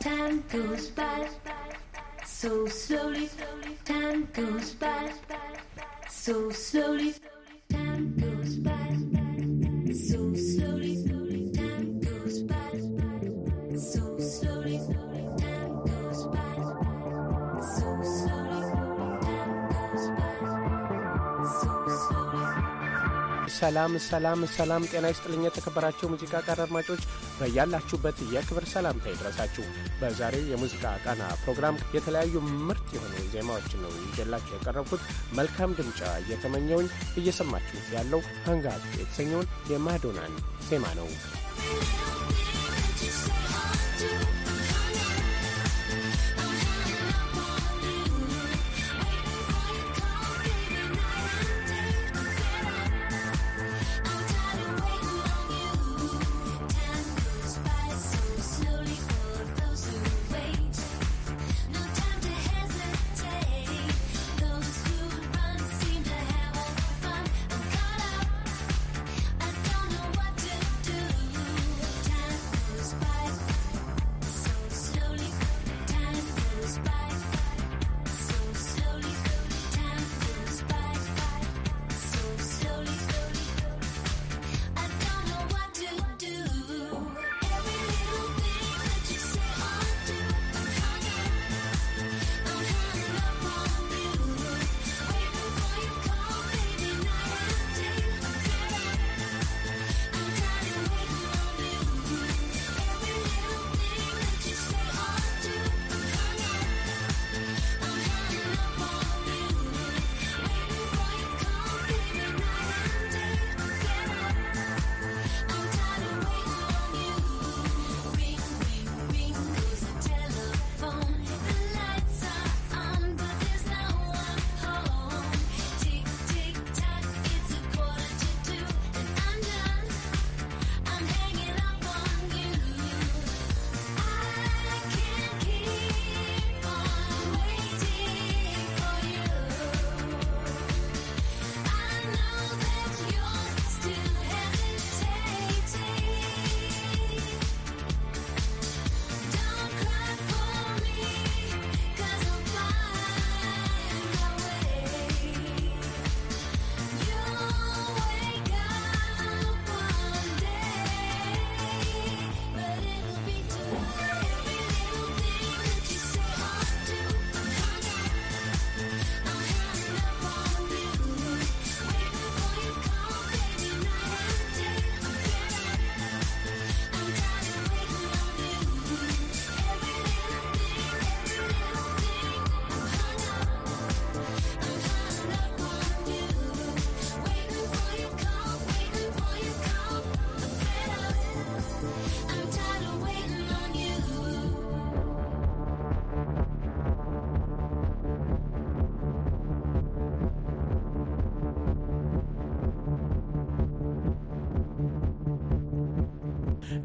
time goes by so slowly, time goes by so slowly. ሰላም ሰላም ሰላም። ጤና ይስጥልኝ የተከበራቸው ሙዚቃ ቃን አድማጮች በያላችሁበት የክብር ሰላምታ ይድረሳችሁ። በዛሬ የሙዚቃ ቃና ፕሮግራም የተለያዩ ምርጥ የሆኑ ዜማዎችን ነው ይዤላችሁ የቀረብኩት። መልካም ድምጫ እየተመኘውኝ እየሰማችሁት ያለው አንጋ የተሰኘውን የማዶናን ዜማ ነው።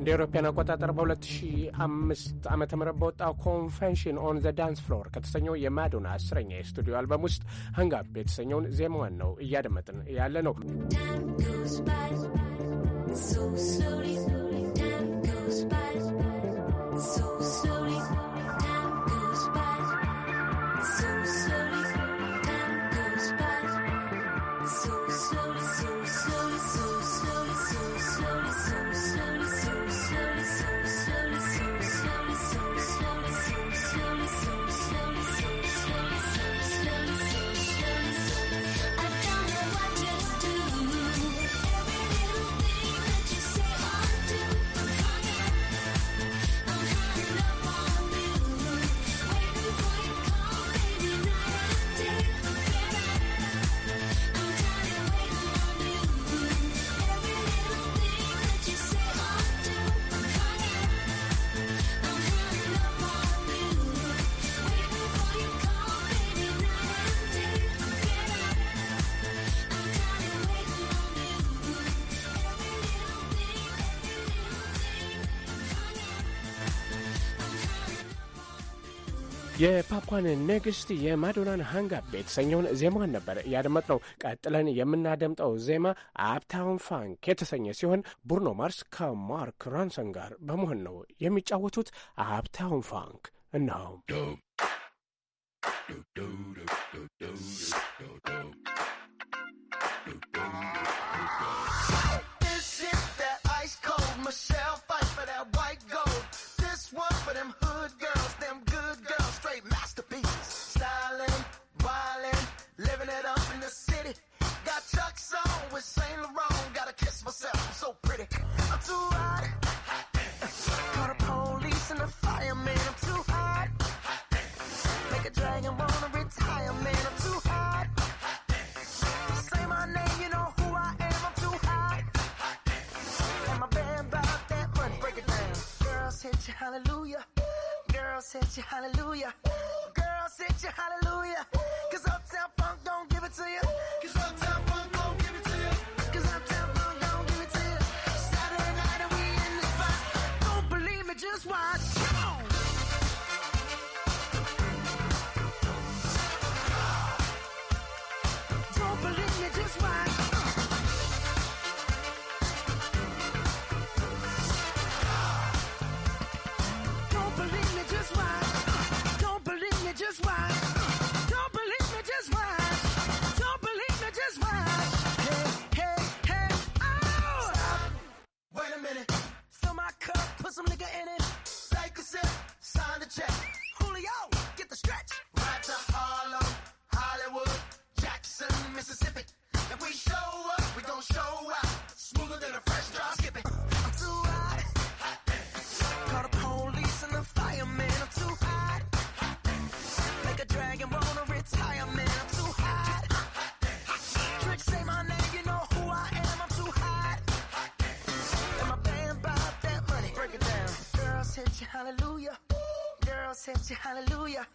እንደ ኤሮፓያን አቆጣጠር በ2005 ዓ ም በወጣው ኮንቨንሽን ኦን ዘ ዳንስ ፍሎር ከተሰኘው የማዶና አስረኛ የስቱዲዮ አልበም ውስጥ ሀንጋፕ የተሰኘውን ዜማዋን ነው እያደመጥን ያለ ነው። የፓፑዋን ነግስት የማዶናን ሃንጋ የተሰኘውን ዜማዋን ነበር ያደመጥነው። ቀጥለን የምናደምጠው ዜማ አፕታውን ፋንክ የተሰኘ ሲሆን ቡርኖ ማርስ ከማርክ ራንሰን ጋር በመሆን ነው የሚጫወቱት። አፕታውን ፋንክ እነሆ። Michelle Chuck's on with Saint Laurent. Gotta kiss myself, I'm so pretty. I'm too hot. hot Call the police and the fireman. I'm too hot. Make a dragon wanna retire, man. I'm too hot. Say my name, you know who I am. I'm too hot. And my band about that money. Break it down. Girls hit you, hallelujah. Girls hit you, hallelujah. Girls hit you, hallelujah. Cause Uptown Funk don't give it to you. Cause Uptown you hallelujah. Girl said you hallelujah.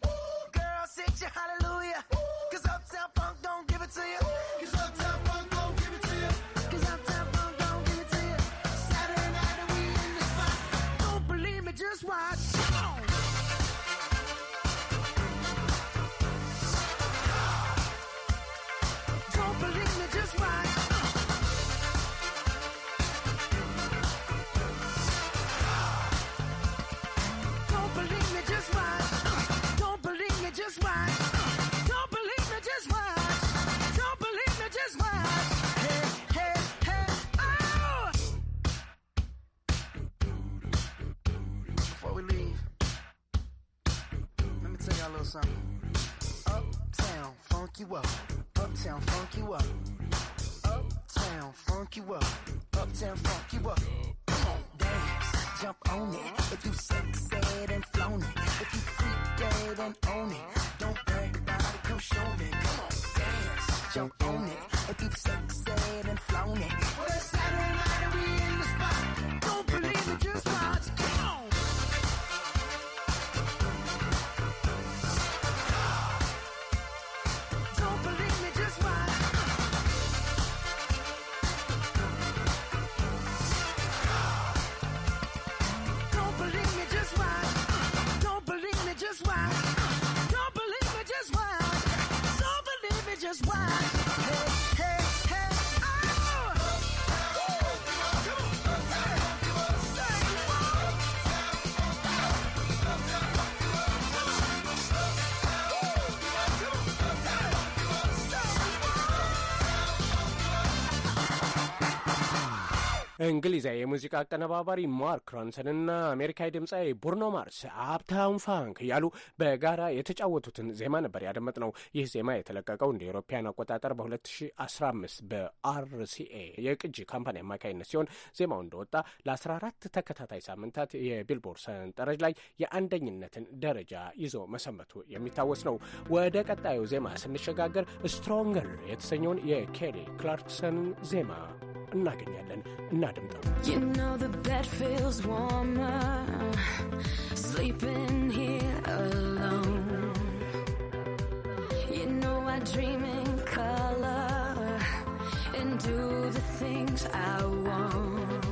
እንግሊዛዊ የሙዚቃ አቀነባባሪ ማርክ እና አሜሪካዊ ድምፃዊ ቡርኖ ማርስ አፕታውን ፋንክ እያሉ በጋራ የተጫወቱትን ዜማ ነበር ያደመጥነው። ይህ ዜማ የተለቀቀው እንደ ኤሮፓያን አቆጣጠር በ2015 በአርሲኤ የቅጂ ካምፓኒ አማካኝነት ሲሆን ዜማው እንደወጣ ለ14 ተከታታይ ሳምንታት የቢልቦርድ ሰንጠረዥ ላይ የአንደኝነትን ደረጃ ይዞ መሰንበቱ የሚታወስ ነው። ወደ ቀጣዩ ዜማ ስንሸጋገር ስትሮንገር የተሰኘውን የኬሊ ክላርክሰንን ዜማ እናገኛለን እና You know the bed feels warmer sleeping here alone. You know I dream in color and do the things I want.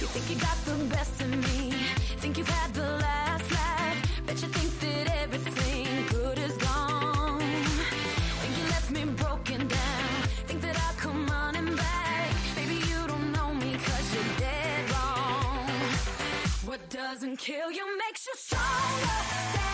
You think you got the best of me? Think you've had the last? does kill you, makes you stronger.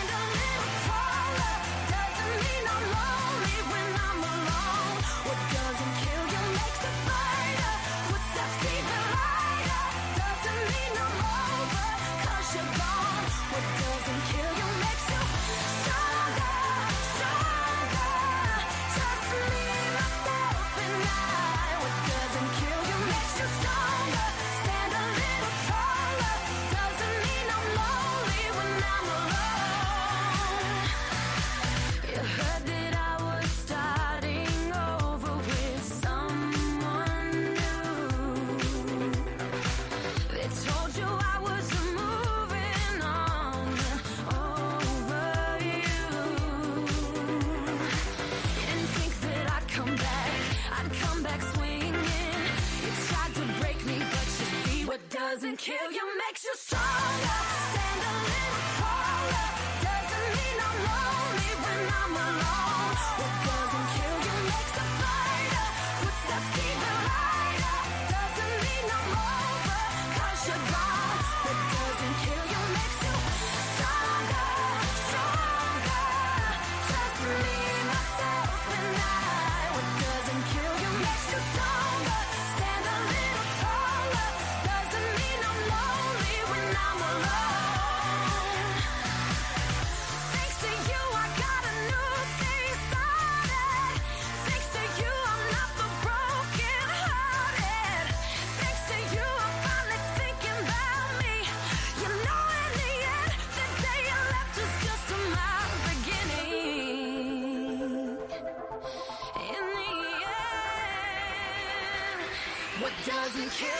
can kill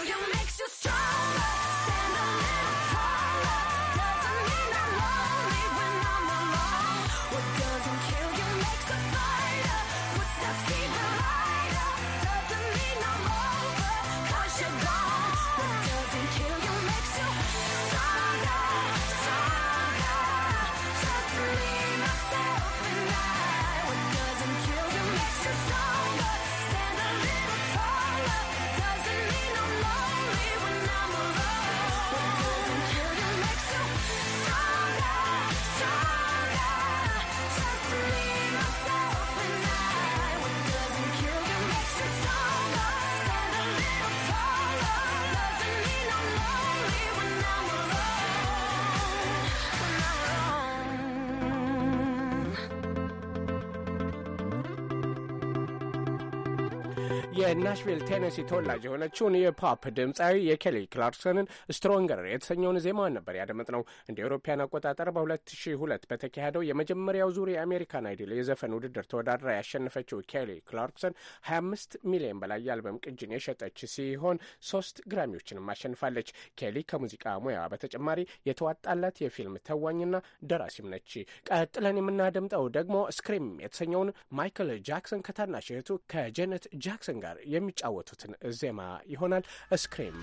የናሽቪል ቴነሲ ተወላጅ የሆነችውን የፖፕ ድምፃዊ የኬሊ ክላርክሰንን ስትሮንገር የተሰኘውን ዜማዋን ነበር ነው። እንደ አውሮፓውያን አቆጣጠር በ2002 በተካሄደው የመጀመሪያው ዙር የአሜሪካን አይድል የዘፈን ውድድር ተወዳድራ ያሸነፈችው ኬሊ ክላርክሰን 25 ሚሊዮን በላይ የአልበም ቅጅን የሸጠች ሲሆን ሶስት ግራሚዎችንም አሸንፋለች። ኬሊ ከሙዚቃ ሙያዋ በተጨማሪ የተዋጣላት የፊልም ተዋኝና ደራሲም ነች። ቀጥለን የምናደምጠው ደግሞ ስክሪም የተሰኘውን ማይክል ጃክሰን ከታናሽ እህቱ ከጀነት ጃክሰን ጋር የሚጫወቱትን ዜማ ይሆናል። ስክሪም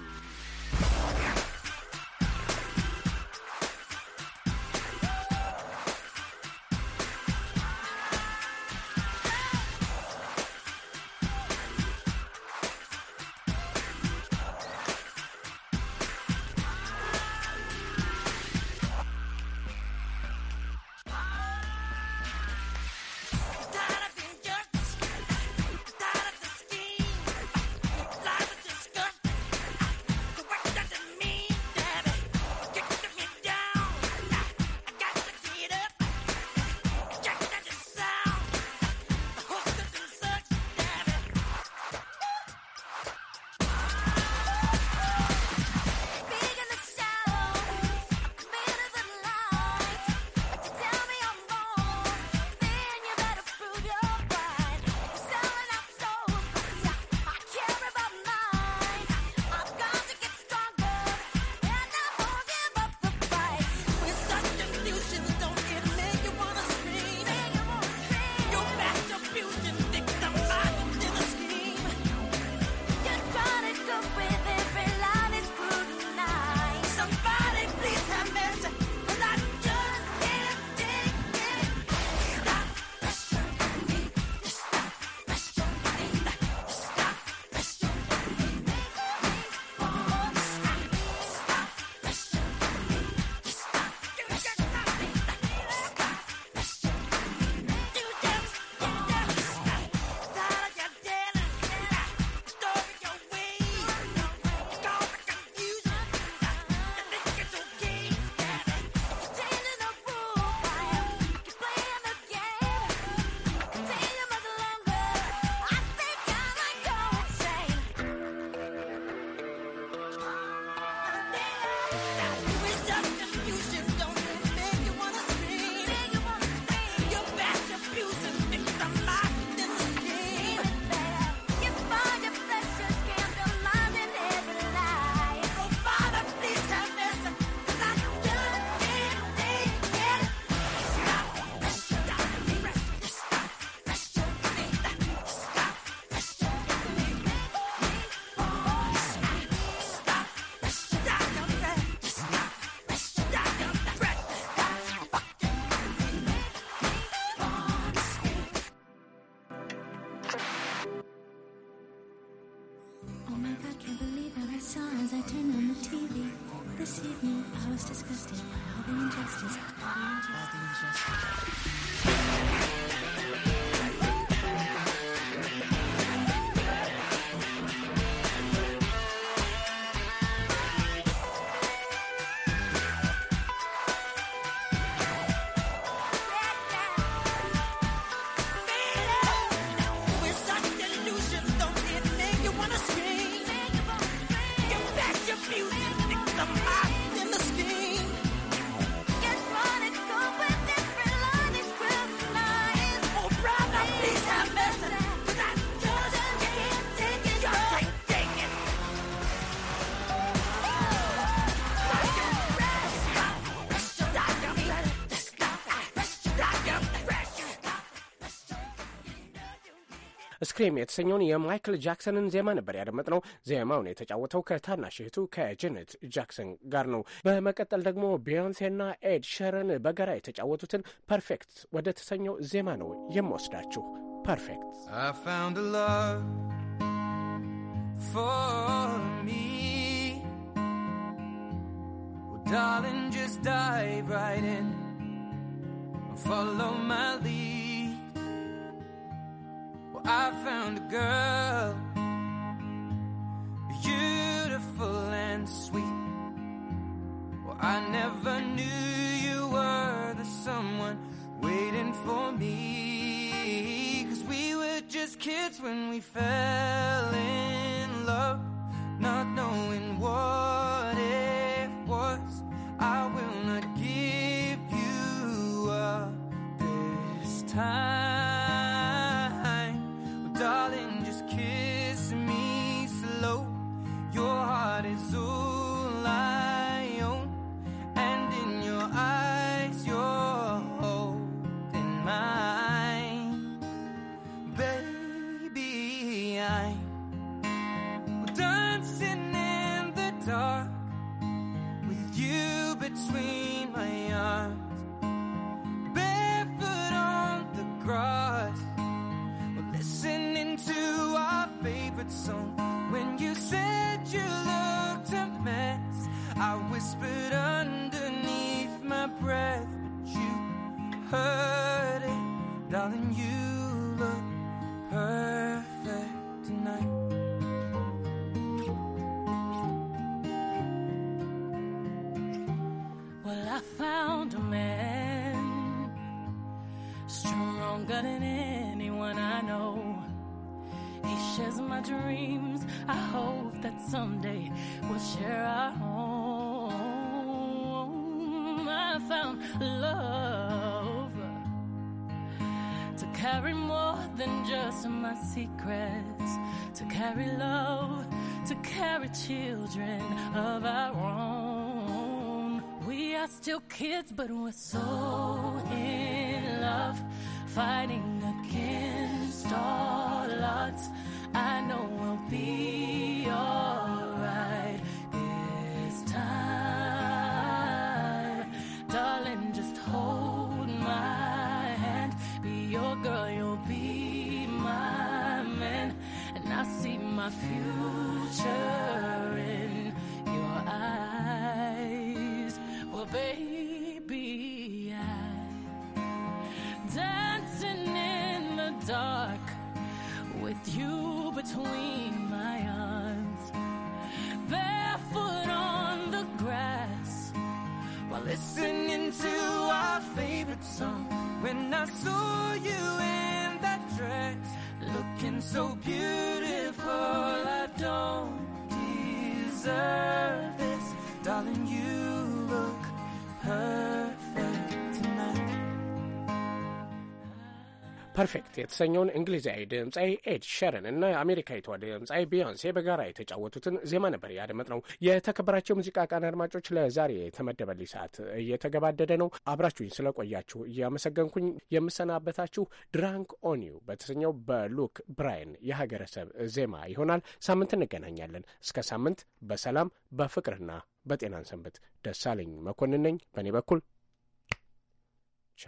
most disgusted by all the injustice. All the injustice. ስክሪም የተሰኘውን የማይክል ጃክሰንን ዜማ ነበር ያደመጥነው። ዜማውን የተጫወተው ከታናሽ እህቱ ከጀነት ጃክሰን ጋር ነው። በመቀጠል ደግሞ ቢዮንሴና ኤድ ሸረን በጋራ የተጫወቱትን ፐርፌክት ወደ ተሰኘው ዜማ ነው የምወስዳችሁ። ፐርፌክት Darling, just dive right in. Follow my lead. I found a girl beautiful and sweet. Well, I never knew you were the someone waiting for me. Cause we were just kids when we fell in. dreams. I hope that someday we'll share our home. I found love to carry more than just my secrets, to carry love, to carry children of our own. We are still kids, but we're so in love, fighting against all odds be alright this time. Darling, just hold my hand. Be your girl, you'll be my man. And I see my future in your eyes. Well, baby. when I saw you in that dress, looking so beautiful. I don't deserve this, darling. You ፐርፌክት የተሰኘውን እንግሊዛዊ ድምፃዊ ኤድ ሸረን እና የአሜሪካዊቷ ድምፃዊ ቢዮንሴ በጋራ የተጫወቱትን ዜማ ነበር ያደመጥ ነው። የተከበራቸው ሙዚቃ ቃን አድማጮች፣ ለዛሬ የተመደበልኝ ሰዓት እየተገባደደ ነው። አብራችሁኝ ስለቆያችሁ እያመሰገንኩኝ የምሰናበታችሁ ድራንክ ኦኒው በተሰኘው በሉክ ብራይን የሀገረሰብ ዜማ ይሆናል። ሳምንት እንገናኛለን። እስከ ሳምንት በሰላም በፍቅርና በጤናን ሰንበት። ደሳለኝ መኮንን ነኝ በእኔ በኩል ቻ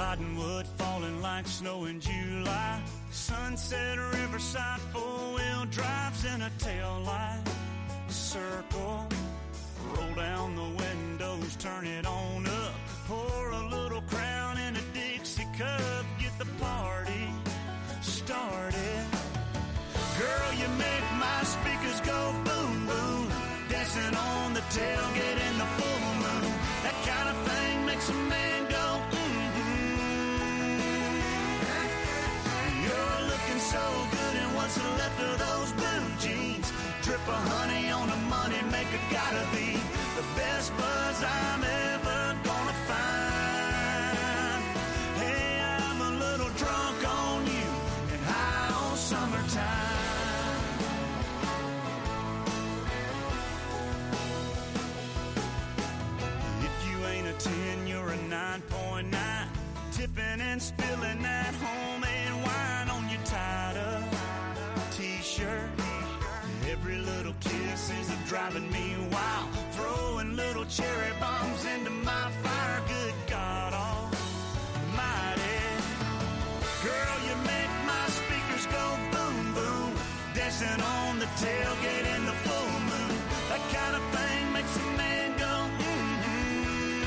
Cottonwood falling like snow in July. Sunset Riverside four-wheel drives in a tail light. Circle, roll down the windows, turn it on up. Pour a little crown in a Dixie cup, get the party started. Girl, you make my speakers go boom boom, dancing on the tailgate. gotta be the best buzz I'm ever. cherry bombs into my fire. Good God Almighty, girl, you make my speakers go boom boom, dancing on the tailgate in the full moon. That kind of thing makes a man go mm hmm.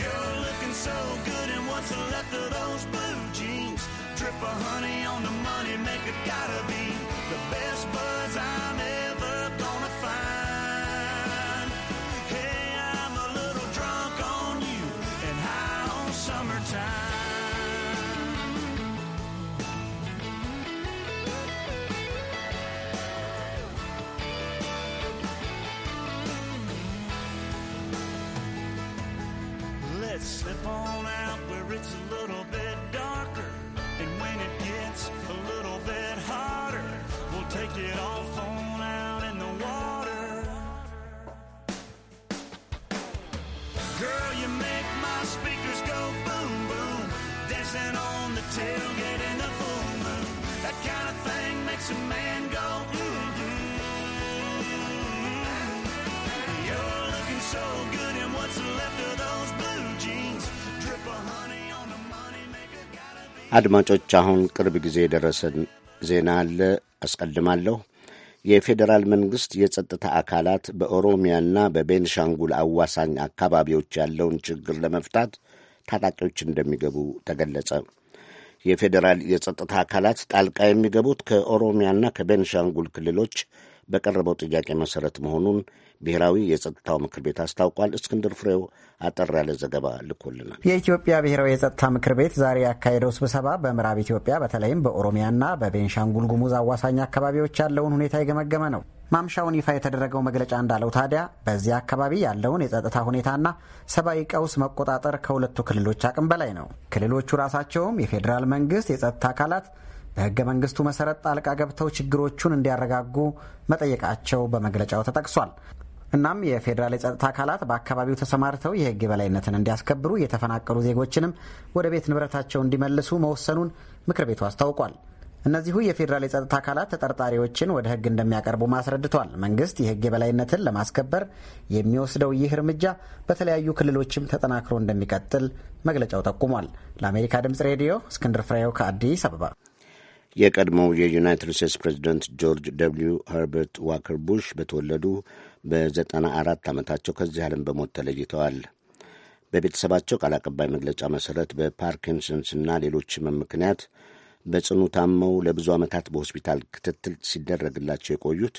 You're looking so good, and what's left of those blue jeans? Drip of honey on the money, make a gotta አድማጮች፣ አሁን ቅርብ ጊዜ የደረሰን ዜና አለ። አስቀድማለሁ። የፌዴራል መንግሥት የጸጥታ አካላት በኦሮሚያና በቤንሻንጉል አዋሳኝ አካባቢዎች ያለውን ችግር ለመፍታት ታጣቂዎች እንደሚገቡ ተገለጸ። የፌዴራል የጸጥታ አካላት ጣልቃ የሚገቡት ከኦሮሚያና ከቤንሻንጉል ክልሎች በቀረበው ጥያቄ መሠረት መሆኑን ብሔራዊ የጸጥታው ምክር ቤት አስታውቋል። እስክንድር ፍሬው አጠር ያለ ዘገባ ልኮልናል። የኢትዮጵያ ብሔራዊ የጸጥታ ምክር ቤት ዛሬ ያካሄደው ስብሰባ በምዕራብ ኢትዮጵያ በተለይም በኦሮሚያና በቤንሻንጉል ጉሙዝ አዋሳኝ አካባቢዎች ያለውን ሁኔታ የገመገመ ነው። ማምሻውን ይፋ የተደረገው መግለጫ እንዳለው ታዲያ በዚህ አካባቢ ያለውን የጸጥታ ሁኔታና ሰብአዊ ቀውስ መቆጣጠር ከሁለቱ ክልሎች አቅም በላይ ነው። ክልሎቹ ራሳቸውም የፌዴራል መንግስት የጸጥታ አካላት በህገ መንግስቱ መሰረት ጣልቃ ገብተው ችግሮቹን እንዲያረጋጉ መጠየቃቸው በመግለጫው ተጠቅሷል። እናም የፌዴራል የጸጥታ አካላት በአካባቢው ተሰማርተው የህግ የበላይነትን እንዲያስከብሩ፣ የተፈናቀሉ ዜጎችንም ወደ ቤት ንብረታቸው እንዲመልሱ መወሰኑን ምክር ቤቱ አስታውቋል። እነዚሁ የፌዴራል የጸጥታ አካላት ተጠርጣሪዎችን ወደ ህግ እንደሚያቀርቡ ማስረድቷል። መንግስት የህግ የበላይነትን ለማስከበር የሚወስደው ይህ እርምጃ በተለያዩ ክልሎችም ተጠናክሮ እንደሚቀጥል መግለጫው ጠቁሟል። ለአሜሪካ ድምጽ ሬዲዮ እስክንድር ፍሬው ከአዲስ አበባ የቀድሞው የዩናይትድ ስቴትስ ፕሬዚደንት ጆርጅ ደብልዩ ኸርበርት ዋከር ቡሽ በተወለዱ በዘጠና አራት ዓመታቸው ከዚህ ዓለም በሞት ተለይተዋል። በቤተሰባቸው ቃል አቀባይ መግለጫ መሠረት በፓርኪንሰንስና ሌሎች ሕመም ምክንያት በጽኑ ታመው ለብዙ ዓመታት በሆስፒታል ክትትል ሲደረግላቸው የቆዩት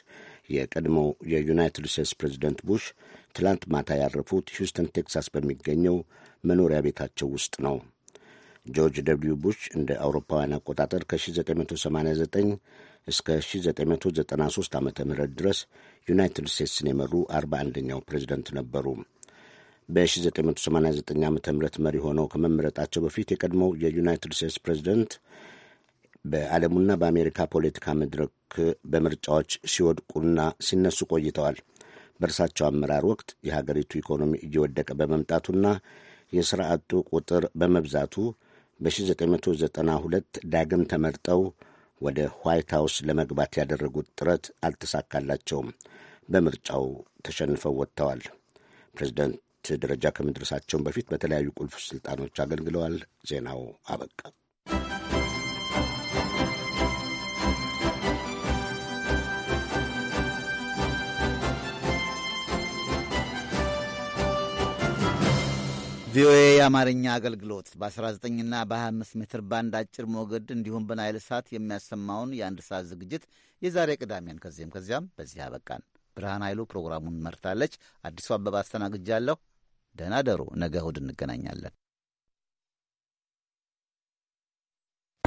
የቀድሞው የዩናይትድ ስቴትስ ፕሬዚደንት ቡሽ ትላንት ማታ ያረፉት ሂውስተን ቴክሳስ በሚገኘው መኖሪያ ቤታቸው ውስጥ ነው። ጆርጅ ደብሊው ቡሽ እንደ አውሮፓውያን አቆጣጠር ከ1989 እስከ 1993 ዓ ም ድረስ ዩናይትድ ስቴትስን የመሩ 41ኛው ፕሬዝደንት ነበሩ። በ1989 ዓ ም መሪ ሆነው ከመመረጣቸው በፊት የቀድሞው የዩናይትድ ስቴትስ ፕሬዝደንት በዓለሙና በአሜሪካ ፖለቲካ መድረክ በምርጫዎች ሲወድቁና ሲነሱ ቆይተዋል። በእርሳቸው አመራር ወቅት የሀገሪቱ ኢኮኖሚ እየወደቀ በመምጣቱና የሥራ አጡ ቁጥር በመብዛቱ በ1992 ዳግም ተመርጠው ወደ ዋይት ሀውስ ለመግባት ያደረጉት ጥረት አልተሳካላቸውም። በምርጫው ተሸንፈው ወጥተዋል። ፕሬዚደንት ደረጃ ከመድረሳቸውን በፊት በተለያዩ ቁልፍ ስልጣኖች አገልግለዋል። ዜናው አበቃ። ቪኦኤ የአማርኛ አገልግሎት በ19ና በ25 ሜትር ባንድ አጭር ሞገድ እንዲሁም በናይል ሳት የሚያሰማውን የአንድ ሰዓት ዝግጅት የዛሬ ቅዳሜን ከዚህም ከዚያም በዚህ አበቃን። ብርሃን ኃይሉ ፕሮግራሙን መርታለች። አዲሱ አበባ አስተናግጃለሁ። ደህና ደሩ። ነገ እሁድ እንገናኛለን።